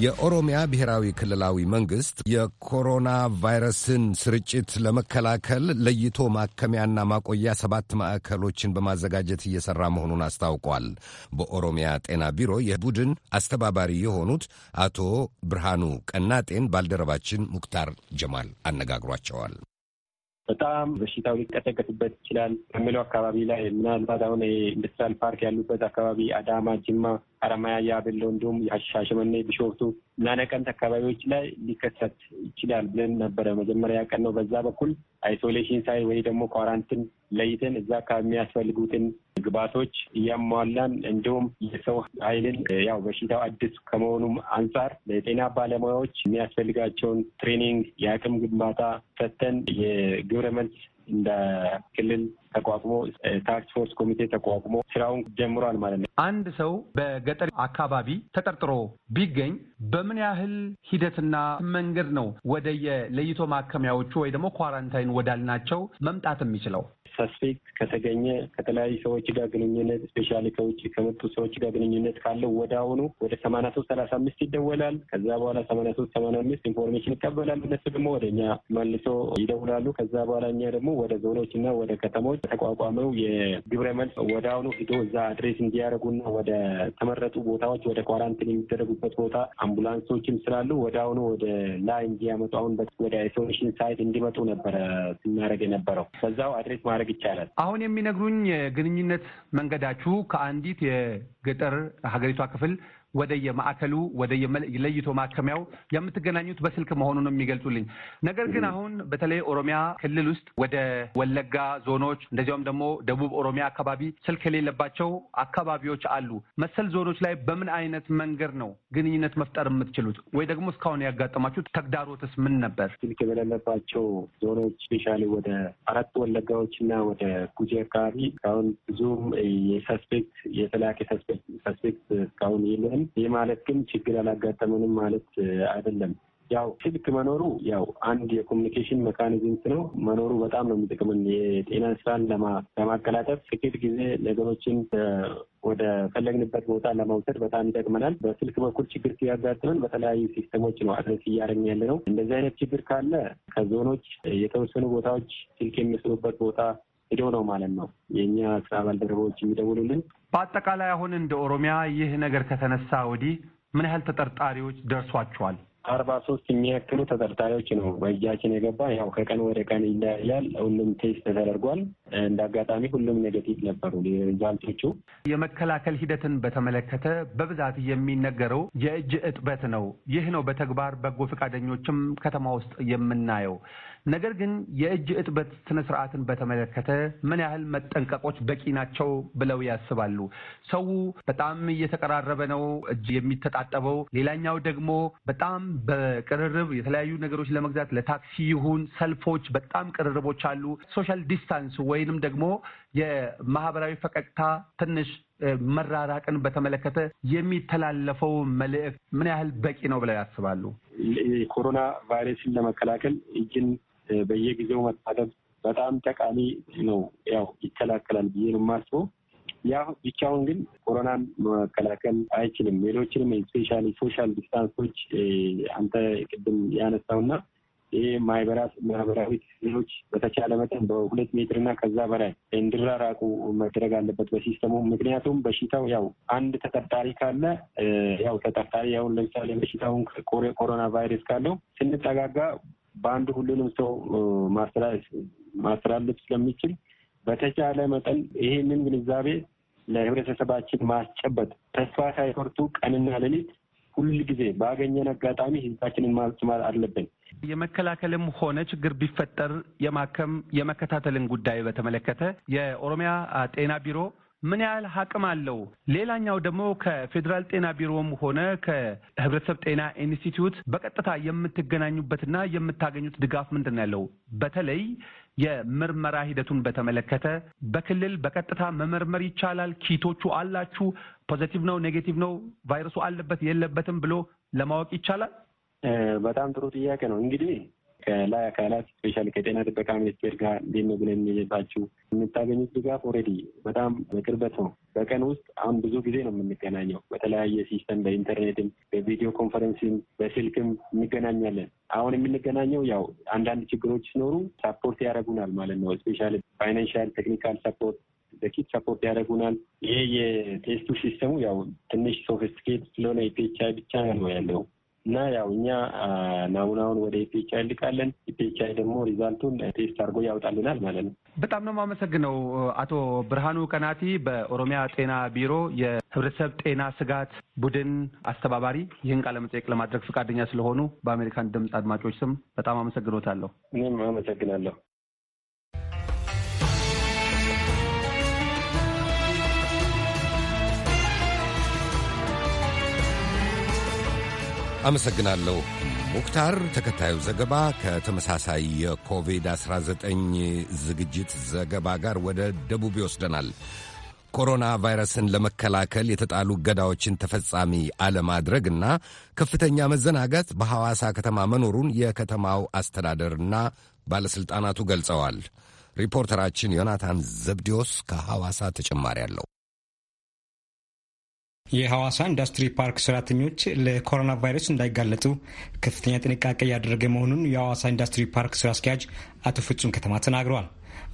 የኦሮሚያ ብሔራዊ ክልላዊ መንግስት የኮሮና ቫይረስን ስርጭት ለመከላከል ለይቶ ማከሚያና ማቆያ ሰባት ማዕከሎችን በማዘጋጀት እየሰራ መሆኑን አስታውቋል። በኦሮሚያ ጤና ቢሮ የቡድን አስተባባሪ የሆኑት አቶ ብርሃኑ ቀናጤን ባልደረባችን ሙክታር ጀማል አነጋግሯቸዋል። በጣም በሽታው ሊቀሰቀስበት ይችላል በሚለው አካባቢ ላይ ምናልባት አሁን ኢንዱስትሪያል ፓርክ ያሉበት አካባቢ አዳማ፣ ጅማ፣ አረማያ፣ ያቤሎ እንዲሁም ሻሸመኔ፣ ቢሾፍቱ እና ነቀምት አካባቢዎች ላይ ሊከሰት ይችላል ብለን ነበረ። መጀመሪያ ቀን ነው። በዛ በኩል አይሶሌሽን ሳይ ወይ ደግሞ ኳራንትን ለይተን እዛ አካባቢ የሚያስፈልጉትን ግባቶች እያሟላን እንዲሁም የሰው ኃይልን ያው በሽታው አዲስ ከመሆኑም አንጻር ለጤና ባለሙያዎች የሚያስፈልጋቸውን ትሬኒንግ፣ የአቅም ግንባታ ሰተን የግብረ መልስ እንደ ክልል ተቋቁሞ ታክስ ፎርስ ኮሚቴ ተቋቁሞ ስራውን ጀምሯል ማለት ነው። አንድ ሰው በገጠር አካባቢ ተጠርጥሮ ቢገኝ በምን ያህል ሂደትና መንገድ ነው ወደ የለይቶ ማከሚያዎቹ ወይ ደግሞ ኳራንታይን ወዳልናቸው መምጣት የሚችለው? ሰስፔክት ከተገኘ ከተለያዩ ሰዎች ጋር ግንኙነት ስፔሻሊ ከውጭ ከመጡ ሰዎች ጋር ግንኙነት ካለው ወደ አሁኑ ወደ ሰማንያ ሶስት ሰላሳ አምስት ይደወላል። ከዛ በኋላ ሰማንያ ሶስት ሰማንያ አምስት ኢንፎርሜሽን ይቀበላል። እነሱ ደግሞ ወደ እኛ መልሶ ይደውላሉ። ከዛ በኋላ እኛ ደግሞ ወደ ዞኖች እና ወደ ከተሞች ተቋቋመው የግብረ መልስ ወደ አሁኑ ሂዶ እዛ አድሬስ እንዲያደርጉና ወደ ተመረጡ ቦታዎች ወደ ኳራንቲን የሚደረጉበት ቦታ አምቡላንሶችም ስላሉ ወደ አሁኑ ወደ ላይ እንዲያመጡ አሁን ወደ አይሶሌሽን ሳይት እንዲመጡ ነበረ ስናደርግ የነበረው በዛው አድሬስ ማድረግ ማድረግ ይቻላል። አሁን የሚነግሩኝ የግንኙነት መንገዳችሁ ከአንዲት የገጠር ሀገሪቷ ክፍል ወደ የማዕከሉ ወደ የለይቶ ማከሚያው የምትገናኙት በስልክ መሆኑንም የሚገልጹልኝ። ነገር ግን አሁን በተለይ ኦሮሚያ ክልል ውስጥ ወደ ወለጋ ዞኖች እንደዚያውም ደግሞ ደቡብ ኦሮሚያ አካባቢ ስልክ የሌለባቸው አካባቢዎች አሉ። መሰል ዞኖች ላይ በምን አይነት መንገድ ነው ግንኙነት መፍጠር የምትችሉት? ወይ ደግሞ እስካሁን ያጋጠማችሁት ተግዳሮትስ ምን ነበር? ስልክ በሌለባቸው ዞኖች ስፔሻሊ ወደ አራት ወለጋዎች እና ወደ ጉጂ አካባቢ እስካሁን ብዙም የሰስፔክት የተላከ ሰስፔክት እስካሁን የለንም። ይህ ማለት ግን ችግር አላጋጠመንም ማለት አይደለም። ያው ስልክ መኖሩ ያው አንድ የኮሚኒኬሽን መካኒዝምስ ነው። መኖሩ በጣም ነው የሚጠቅምን የጤና ስራን ለማቀላጠፍ ጥቂት ጊዜ ነገሮችን ወደ ፈለግንበት ቦታ ለመውሰድ በጣም ይጠቅመናል። በስልክ በኩል ችግር ሲያጋጥመን በተለያዩ ሲስተሞች ነው አድረስ እያደረግን ያለ ነው። እንደዚህ አይነት ችግር ካለ ከዞኖች የተወሰኑ ቦታዎች ስልክ የሚስሩበት ቦታ ሄዶ ነው ማለት ነው የእኛ ስራ ባልደረቦች የሚደውሉልን። በአጠቃላይ አሁን እንደ ኦሮሚያ ይህ ነገር ከተነሳ ወዲህ ምን ያህል ተጠርጣሪዎች ደርሷቸዋል? አርባ ሶስት የሚያክሉ ተጠርጣሪዎች ነው በእጃችን የገባ። ያው ከቀን ወደ ቀን ይለያል። ሁሉም ቴስት ተደርጓል። እንደ አጋጣሚ ሁሉም ኔጌቲቭ ነበሩ ሪዛልቶቹ። የመከላከል ሂደትን በተመለከተ በብዛት የሚነገረው የእጅ እጥበት ነው። ይህ ነው በተግባር በጎ ፈቃደኞችም ከተማ ውስጥ የምናየው። ነገር ግን የእጅ እጥበት ስነ ስርዓትን በተመለከተ ምን ያህል መጠንቀቆች በቂ ናቸው ብለው ያስባሉ? ሰው በጣም እየተቀራረበ ነው እጅ የሚተጣጠበው። ሌላኛው ደግሞ በጣም በቅርርብ የተለያዩ ነገሮች ለመግዛት ለታክሲ ይሁን ሰልፎች በጣም ቅርርቦች አሉ። ሶሻል ዲስታንስ ወይንም ደግሞ የማህበራዊ ፈቀቅታ ትንሽ መራራቅን በተመለከተ የሚተላለፈው መልእክት ምን ያህል በቂ ነው ብለው ያስባሉ? የኮሮና ቫይረስን ለመከላከል እጅን በየጊዜው መታደብ በጣም ጠቃሚ ነው። ያው ይከላከላል ብዬ ነው የማስበው። ያ ብቻውን ግን ኮሮናን መከላከል አይችልም። ሌሎችንም ስፔሻሊ ሶሻል ዲስታንሶች አንተ ቅድም ያነሳውና ይህ ማህበራት ማህበራዊ ክፍሎች በተቻለ መጠን በሁለት ሜትር እና ከዛ በላይ እንዲራራቁ መደረግ አለበት በሲስተሙ። ምክንያቱም በሽታው ያው አንድ ተጠርጣሪ ካለ ያው ተጠርጣሪ ያሁን ለምሳሌ በሽታውን ኮሮና ቫይረስ ካለው ስንጠጋጋ በአንድ ሁሉንም ሰው ማስተላለፍ ስለሚችል በተቻለ መጠን ይሄንን ግንዛቤ ለህብረተሰባችን ማስጨበጥ ተስፋ ሳይቆርጡ ቀንና ሌሊት ሁል ጊዜ ባገኘን አጋጣሚ ህዝባችንን ማስተማር አለብን። የመከላከልም ሆነ ችግር ቢፈጠር የማከም የመከታተልን ጉዳይ በተመለከተ የኦሮሚያ ጤና ቢሮ ምን ያህል አቅም አለው? ሌላኛው ደግሞ ከፌዴራል ጤና ቢሮም ሆነ ከህብረተሰብ ጤና ኢንስቲትዩት በቀጥታ የምትገናኙበትና የምታገኙት ድጋፍ ምንድን ነው ያለው? በተለይ የምርመራ ሂደቱን በተመለከተ በክልል በቀጥታ መመርመር ይቻላል? ኪቶቹ አላችሁ? ፖዘቲቭ ነው ኔጌቲቭ ነው ቫይረሱ አለበት የለበትም ብሎ ለማወቅ ይቻላል? በጣም ጥሩ ጥያቄ ነው። እንግዲህ ከላይ አካላት ስፔሻል ከጤና ጥበቃ ሚኒስቴር ጋር እንዴት ነው ብለን የምታገኙት ድጋፍ ኦልሬዲ በጣም በቅርበት ነው። በቀን ውስጥ አሁን ብዙ ጊዜ ነው የምንገናኘው። በተለያየ ሲስተም በኢንተርኔትም፣ በቪዲዮ ኮንፈረንስም፣ በስልክም እንገናኛለን። አሁን የምንገናኘው ያው አንዳንድ ችግሮች ሲኖሩ ሳፖርት ያደርጉናል ማለት ነው። ስፔሻል ፋይናንሻል፣ ቴክኒካል ሳፖርት በኪት ሰፖርት ያደርጉናል። ይሄ የቴስቱ ሲስተሙ ያው ትንሽ ሶፊስቲኬት ስለሆነ የፒኤችአይ ብቻ ነው ያለው እና ያው እኛ ናሙናውን ወደ ኢፒኤችአይ እንልካለን። ኢፒኤችአይ ደግሞ ሪዛልቱን ቴስት አድርጎ ያውጣልናል ማለት ነው። በጣም ነው የማመሰግነው አቶ ብርሃኑ ቀናቲ በኦሮሚያ ጤና ቢሮ የህብረተሰብ ጤና ስጋት ቡድን አስተባባሪ ይህን ቃለ መጠየቅ ለማድረግ ፈቃደኛ ስለሆኑ በአሜሪካን ድምፅ አድማጮች ስም በጣም አመሰግኖታለሁ። እኔም አመሰግናለሁ። አመሰግናለሁ ሙክታር። ተከታዩ ዘገባ ከተመሳሳይ የኮቪድ-19 ዝግጅት ዘገባ ጋር ወደ ደቡብ ይወስደናል። ኮሮና ቫይረስን ለመከላከል የተጣሉ እገዳዎችን ተፈጻሚ አለማድረግ እና ከፍተኛ መዘናጋት በሐዋሳ ከተማ መኖሩን የከተማው አስተዳደርና ባለሥልጣናቱ ገልጸዋል። ሪፖርተራችን ዮናታን ዘብዲዮስ ከሐዋሳ ተጨማሪ አለው። የሐዋሳ ኢንዱስትሪ ፓርክ ሰራተኞች ለኮሮና ቫይረስ እንዳይጋለጡ ከፍተኛ ጥንቃቄ እያደረገ መሆኑን የሐዋሳ ኢንዱስትሪ ፓርክ ስራ አስኪያጅ አቶ ፍጹም ከተማ ተናግረዋል።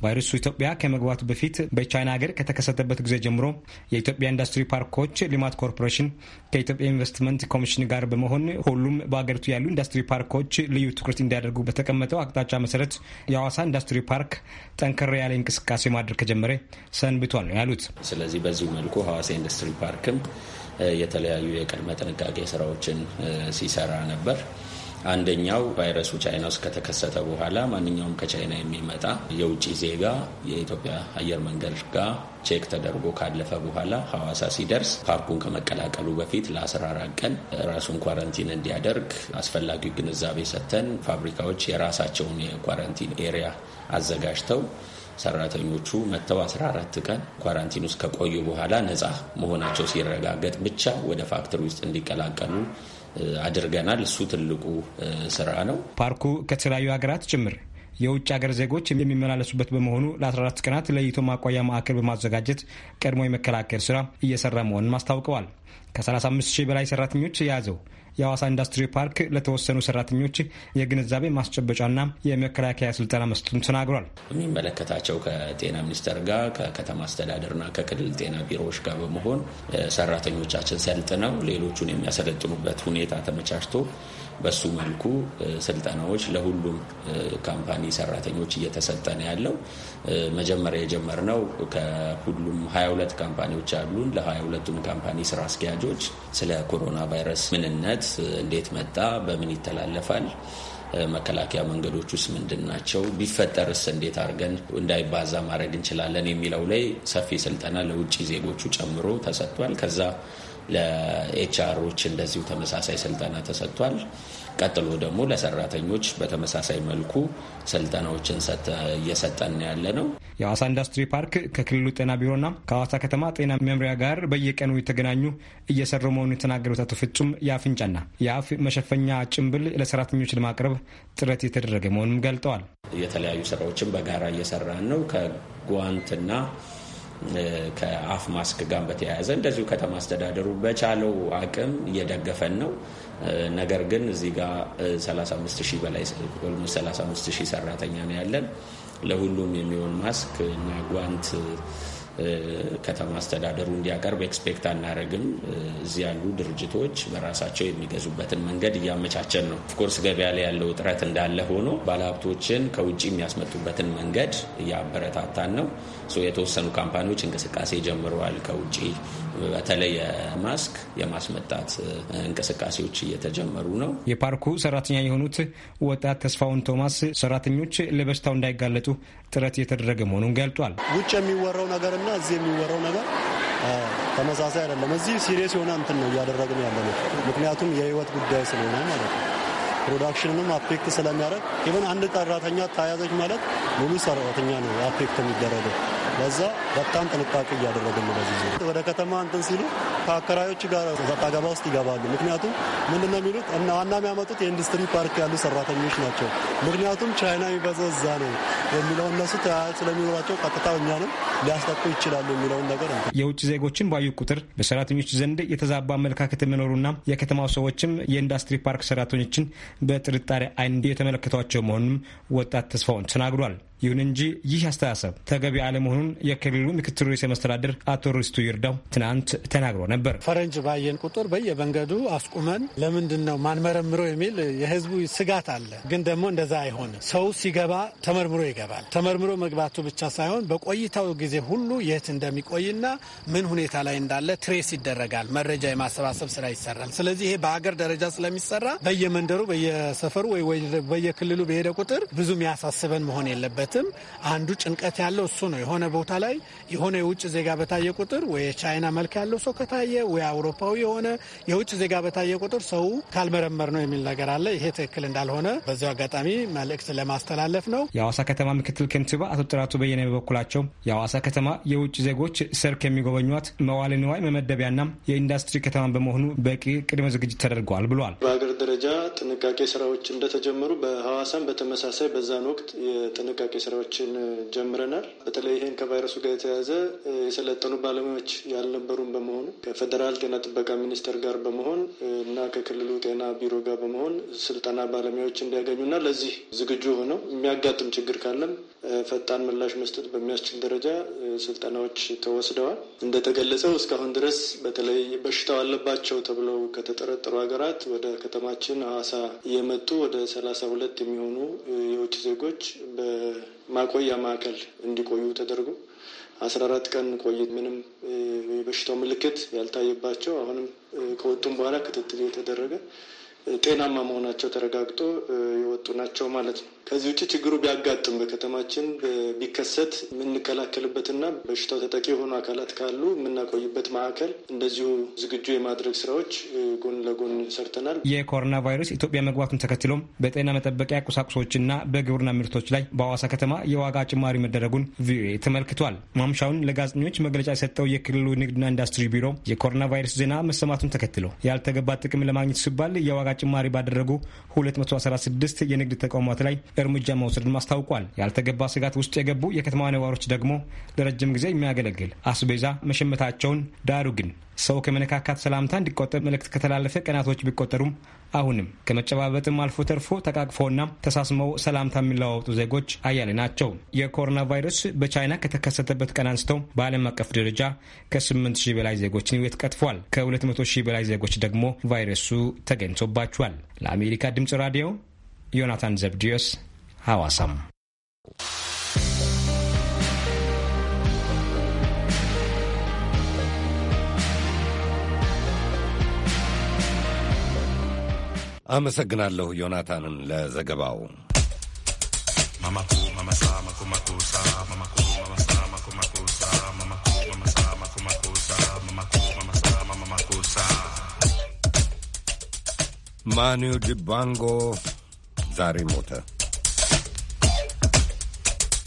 ቫይረሱ ኢትዮጵያ ከመግባቱ በፊት በቻይና ሀገር ከተከሰተበት ጊዜ ጀምሮ የኢትዮጵያ ኢንዱስትሪ ፓርኮች ልማት ኮርፖሬሽን ከኢትዮጵያ ኢንቨስትመንት ኮሚሽን ጋር በመሆን ሁሉም በሀገሪቱ ያሉ ኢንዱስትሪ ፓርኮች ልዩ ትኩረት እንዲያደርጉ በተቀመጠው አቅጣጫ መሰረት የሐዋሳ ኢንዱስትሪ ፓርክ ጠንከር ያለ እንቅስቃሴ ማድረግ ከጀመረ ሰንብቷል ነው ያሉት። ስለዚህ በዚህ መልኩ ሐዋሳ ኢንዱስትሪ ፓርክም የተለያዩ የቅድመ ጥንቃቄ ስራዎችን ሲሰራ ነበር። አንደኛው ቫይረሱ ቻይና ውስጥ ከተከሰተ በኋላ ማንኛውም ከቻይና የሚመጣ የውጭ ዜጋ የኢትዮጵያ አየር መንገድ ጋር ቼክ ተደርጎ ካለፈ በኋላ ሐዋሳ ሲደርስ ፓርኩን ከመቀላቀሉ በፊት ለ14 ቀን ራሱን ኳረንቲን እንዲያደርግ አስፈላጊው ግንዛቤ ሰጥተን ፋብሪካዎች የራሳቸውን የኳረንቲን ኤሪያ አዘጋጅተው ሰራተኞቹ መጥተው 14 ቀን ኳራንቲን ውስጥ ከቆዩ በኋላ ነፃ መሆናቸው ሲረጋገጥ ብቻ ወደ ፋክተሪ ውስጥ እንዲቀላቀሉ አድርገናል። እሱ ትልቁ ስራ ነው። ፓርኩ ከተለያዩ ሀገራት ጭምር የውጭ ሀገር ዜጎች የሚመላለሱበት በመሆኑ ለ14 ቀናት ለይቶ ማቋያ ማዕከል በማዘጋጀት ቀድሞ የመከላከል ስራ እየሰራ መሆኑን አስታውቀዋል። ከ35 ሺህ በላይ ሰራተኞች የያዘው የሐዋሳ ኢንዱስትሪ ፓርክ ለተወሰኑ ሰራተኞች የግንዛቤ ማስጨበጫና የመከላከያ ስልጠና መስጠቱን ተናግሯል። የሚመለከታቸው ከጤና ሚኒስቴር ጋር ከከተማ አስተዳደርና ከክልል ጤና ቢሮዎች ጋር በመሆን ሰራተኞቻችን ሰልጥነው ሌሎቹን የሚያሰለጥኑበት ሁኔታ ተመቻችቶ በሱ መልኩ ስልጠናዎች ለሁሉም ካምፓኒ ሰራተኞች እየተሰጠነ ያለው። መጀመሪያ የጀመርነው ከሁሉም 22 ካምፓኒዎች አሉን። ለ22ቱም ካምፓኒ ስራ አስኪያጆች ስለ ኮሮና ቫይረስ ምንነት ምክንያት እንዴት መጣ፣ በምን ይተላለፋል፣ መከላከያ መንገዶች ውስጥ ምንድን ናቸው፣ ቢፈጠርስ እንዴት አድርገን እንዳይባዛ ማድረግ እንችላለን የሚለው ላይ ሰፊ ስልጠና ለውጭ ዜጎቹ ጨምሮ ተሰጥቷል። ከዛ ለኤችአሮች እንደዚሁ ተመሳሳይ ስልጠና ተሰጥቷል። ቀጥሎ ደግሞ ለሰራተኞች በተመሳሳይ መልኩ ስልጠናዎችን እየሰጠን ያለ ነው። የአዋሳ ኢንዱስትሪ ፓርክ ከክልሉ ጤና ቢሮና ከአዋሳ ከተማ ጤና መምሪያ ጋር በየቀኑ የተገናኙ እየሰሩ መሆኑን የተናገሩት አቶ ፍጹም የአፍንጫና የአፍ መሸፈኛ ጭንብል ለሰራተኞች ለማቅረብ ጥረት የተደረገ መሆኑም ገልጠዋል። የተለያዩ ስራዎችን በጋራ እየሰራን ነው ከጓንትና ከአፍ ማስክ ጋር በተያያዘ እንደዚሁ ከተማ አስተዳደሩ በቻለው አቅም እየደገፈን ነው። ነገር ግን እዚህ ጋር 35 በላይ 35 ሺህ ሰራተኛ ነው ያለን። ለሁሉም የሚሆን ማስክ እና ጓንት ከተማ አስተዳደሩ እንዲያቀርብ ኤክስፔክት አናደረግም። እዚህ ያሉ ድርጅቶች በራሳቸው የሚገዙበትን መንገድ እያመቻቸን ነው። ኦፍኮርስ ገበያ ላይ ያለው እጥረት እንዳለ ሆኖ ባለሀብቶችን ከውጭ የሚያስመጡበትን መንገድ እያበረታታን ነው። የተወሰኑ ካምፓኒዎች እንቅስቃሴ ጀምረዋል ከውጭ በተለይ ማስክ የማስመጣት እንቅስቃሴዎች እየተጀመሩ ነው። የፓርኩ ሰራተኛ የሆኑት ወጣት ተስፋውን ቶማስ ሰራተኞች ለበሽታው እንዳይጋለጡ ጥረት እየተደረገ መሆኑን ገልጧል። ውጭ የሚወራው ነገርና እዚህ የሚወራው ነገር ተመሳሳይ አይደለም። እዚህ ሲሪየስ የሆነ እንትን ነው እያደረግን ያለ ነው። ምክንያቱም የህይወት ጉዳይ ስለሆነ ማለት ነው። ፕሮዳክሽንንም አፌክት ስለሚያደርግ ኢቨን አንድ ሰራተኛ ተያዘች ማለት ሙሉ ሰራተኛ ነው አፌክት የሚደረገው ለዛ በጣም ጥንቃቄ እያደረግን ነው። በዚህ ዙር ወደ ከተማ እንትን ሲሉ ከአከራዮች ጋር ሰጣ ገባ ውስጥ ይገባሉ። ምክንያቱም ምንድነው የሚሉት እና ዋና የሚያመጡት የኢንዱስትሪ ፓርክ ያሉ ሰራተኞች ናቸው። ምክንያቱም ቻይና የሚበዛው እዛ ነው የሚለው እነሱ ስለሚኖራቸው ቀጥታ እኛንም ሊያስጠቁ ይችላሉ የሚለውን ነገር የውጭ ዜጎችን ባዩ ቁጥር በሰራተኞች ዘንድ የተዛባ አመለካከት መኖሩና የከተማው ሰዎችም የኢንዱስትሪ ፓርክ ሰራተኞችን በጥርጣሬ አይን የተመለከቷቸው መሆኑንም ወጣት ተስፋውን ተናግሯል። ይሁን እንጂ ይህ አስተሳሰብ ተገቢ አለመሆኑን የክልሉ ምክትል ርዕሰ መስተዳድር አቶ ርስቱ ይርዳው ትናንት ተናግሮ ነበር። ፈረንጅ ባየን ቁጥር በየመንገዱ አስቁመን ለምንድን ነው ማንመረምረው የሚል የህዝቡ ስጋት አለ። ግን ደግሞ እንደዛ አይሆንም። ሰው ሲገባ ተመርምሮ ይገባል። ተመርምሮ መግባቱ ብቻ ሳይሆን በቆይታው ጊዜ ሁሉ የት እንደሚቆይና ምን ሁኔታ ላይ እንዳለ ትሬስ ይደረጋል። መረጃ የማሰባሰብ ስራ ይሰራል። ስለዚህ ይሄ በሀገር ደረጃ ስለሚሰራ በየመንደሩ፣ በየሰፈሩ ወይ በየክልሉ በሄደ ቁጥር ብዙ የሚያሳስበን መሆን የለበት ምክንያትም አንዱ ጭንቀት ያለው እሱ ነው። የሆነ ቦታ ላይ የሆነ የውጭ ዜጋ በታየ ቁጥር ወይ የቻይና መልክ ያለው ሰው ከታየ ወይ አውሮፓዊ የሆነ የውጭ ዜጋ በታየ ቁጥር ሰው ካልመረመር ነው የሚል ነገር አለ። ይሄ ትክክል እንዳልሆነ በዚ አጋጣሚ መልእክት ለማስተላለፍ ነው። የአዋሳ ከተማ ምክትል ከንቲባ አቶ ጥራቱ በየነ በበኩላቸው የአዋሳ ከተማ የውጭ ዜጎች ሰርክ የሚጎበኟት መዋለ ንዋይ መመደቢያና የኢንዱስትሪ ከተማ በመሆኑ በቂ ቅድመ ዝግጅት ተደርገዋል ብሏል። በሀገር ደረጃ ጥንቃቄ ስራዎች እንደተጀመሩ በሐዋሳም በተመሳሳይ በዛን ወቅት የጥንቃቄ ስራዎችን ጀምረናል። በተለይ ይህን ከቫይረሱ ጋር የተያዘ የሰለጠኑ ባለሙያዎች ያልነበሩን በመሆኑ ከፌደራል ጤና ጥበቃ ሚኒስቴር ጋር በመሆን እና ከክልሉ ጤና ቢሮ ጋር በመሆን ስልጠና ባለሙያዎች እንዲያገኙና ለዚህ ዝግጁ ሆነው የሚያጋጥም ችግር ካለም ፈጣን ምላሽ መስጠት በሚያስችል ደረጃ ስልጠናዎች ተወስደዋል። እንደተገለጸው እስካሁን ድረስ በተለይ በሽታው አለባቸው ተብለው ከተጠረጠሩ ሀገራት ወደ ከተማችን ሐዋሳ የመጡ ወደ ሰላሳ ሁለት የሚሆኑ የውጭ ዜጎች በ ማቆያ ማዕከል እንዲቆዩ ተደርጎ አስራ አራት ቀን ቆይት ምንም የበሽታው ምልክት ያልታየባቸው አሁንም ከወጡም በኋላ ክትትል የተደረገ ጤናማ መሆናቸው ተረጋግጦ የወጡ ናቸው ማለት ነው። ከዚህ ውጭ ችግሩ ቢያጋጥም በከተማችን ቢከሰት የምንከላከልበትና በሽታው ተጠቂ የሆኑ አካላት ካሉ የምናቆይበት ማዕከል እንደዚሁ ዝግጁ የማድረግ ስራዎች ጎን ለጎን ሰርተናል። የኮሮና ቫይረስ ኢትዮጵያ መግባቱን ተከትሎም በጤና መጠበቂያ ቁሳቁሶችና በግብርና ምርቶች ላይ በአዋሳ ከተማ የዋጋ ጭማሪ መደረጉን ቪኦኤ ተመልክቷል። ማምሻውን ለጋዜጠኞች መግለጫ የሰጠው የክልሉ ንግድና ኢንዱስትሪ ቢሮ የኮሮና ቫይረስ ዜና መሰማቱን ተከትሎ ያልተገባ ጥቅም ለማግኘት ሲባል የዋጋ ጭማሪ ባደረጉ 216 የንግድ ተቋማት ላይ እርምጃ መውሰድን አስታውቋል። ያልተገባ ስጋት ውስጥ የገቡ የከተማ ነዋሪዎች ደግሞ ለረጅም ጊዜ የሚያገለግል አስቤዛ መሸመታቸውን፣ ዳሩ ግን ሰው ከመነካካት ሰላምታ እንዲቆጠብ መልእክት ከተላለፈ ቀናቶች ቢቆጠሩም አሁንም ከመጨባበጥም አልፎ ተርፎ ተቃቅፎና ተሳስመው ሰላምታ የሚለዋወጡ ዜጎች አያሌ ናቸው። የኮሮና ቫይረስ በቻይና ከተከሰተበት ቀን አንስተው በዓለም አቀፍ ደረጃ ከ8 ሺህ በላይ ዜጎችን ሕይወት ቀጥፏል። ከ200 ሺህ በላይ ዜጎች ደግሞ ቫይረሱ ተገኝቶባቸዋል። ለአሜሪካ ድምጽ ራዲዮ ዮናታን ዘብድዮስ ሐዋሳም አመሰግናለሁ ዮናታንን ለዘገባው። ማኒው ዲባንጎ ዛሬ ሞተ።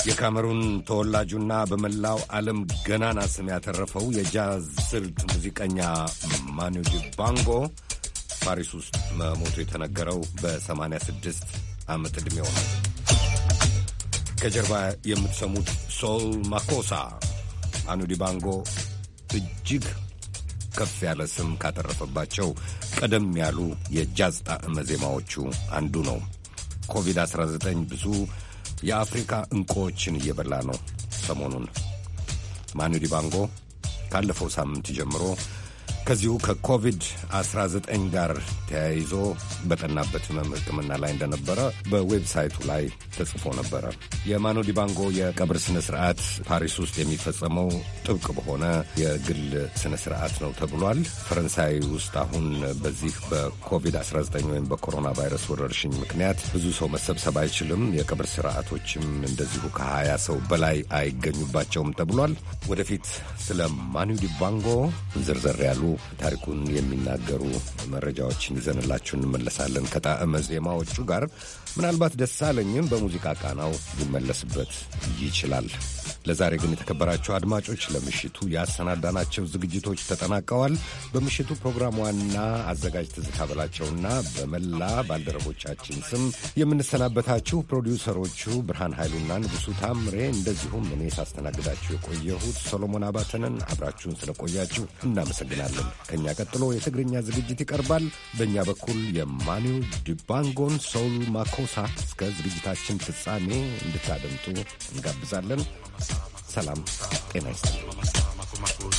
የካሜሩን ተወላጁና በመላው ዓለም ገናና ስም ያተረፈው የጃዝ ስልት ሙዚቀኛ ማኑ ዲባንጎ ፓሪስ ውስጥ መሞቱ የተነገረው በ86 ዓመት ዕድሜው ነው። ከጀርባ የምትሰሙት ሶል ማኮሳ ማኑ ዲባንጎ እጅግ ከፍ ያለ ስም ካተረፈባቸው ቀደም ያሉ የጃዝ ጣዕመ ዜማዎቹ አንዱ ነው። ኮቪድ-19 ብዙ የአፍሪካ እንቁዎችን እየበላ ነው። ሰሞኑን ማኑ ዲባንጎ ካለፈው ሳምንት ጀምሮ ከዚሁ ከኮቪድ-19 ጋር ተያይዞ በጠናበት ህመም ሕክምና ላይ እንደነበረ በዌብሳይቱ ላይ ተጽፎ ነበረ። የማኖ ዲባንጎ የቀብር ስነ ስርዓት ፓሪስ ውስጥ የሚፈጸመው ጥብቅ በሆነ የግል ስነ ስርዓት ነው ተብሏል። ፈረንሳይ ውስጥ አሁን በዚህ በኮቪድ-19 ወይም በኮሮና ቫይረስ ወረርሽኝ ምክንያት ብዙ ሰው መሰብሰብ አይችልም። የቀብር ስርዓቶችም እንደዚሁ ከሀያ ሰው በላይ አይገኙባቸውም ተብሏል። ወደፊት ስለ ማኑ ዲባንጎ ዝርዝር ያሉ ታሪኩን የሚናገሩ መረጃዎችን ይዘንላችሁ እንመለሳለን። ከጣዕመ ዜማዎቹ ጋር ምናልባት ደሳለኝም በሙዚቃ ቃናው ሊመለስበት ይችላል። ለዛሬ ግን የተከበራቸው አድማጮች ለምሽቱ ያሰናዳናቸው ዝግጅቶች ተጠናቀዋል። በምሽቱ ፕሮግራም ዋና አዘጋጅ ትዝታ በላቸውና በመላ ባልደረቦቻችን ስም የምንሰናበታችሁ ፕሮዲውሰሮቹ ብርሃን ኃይሉና ንጉሱ ታምሬ፣ እንደዚሁም እኔ ሳስተናግዳችሁ የቆየሁት ሶሎሞን አባተንን አብራችሁን ስለቆያችሁ እናመሰግናለን። ከእኛ ቀጥሎ የትግርኛ ዝግጅት ይቀርባል። በእኛ በኩል የማኒው ዲባንጎን ሶል ማኮ ሰዓት እስከ ዝግጅታችን ፍጻሜ እንድታደምጡ እንጋብዛለን። ሰላም ጤና ይስጥ።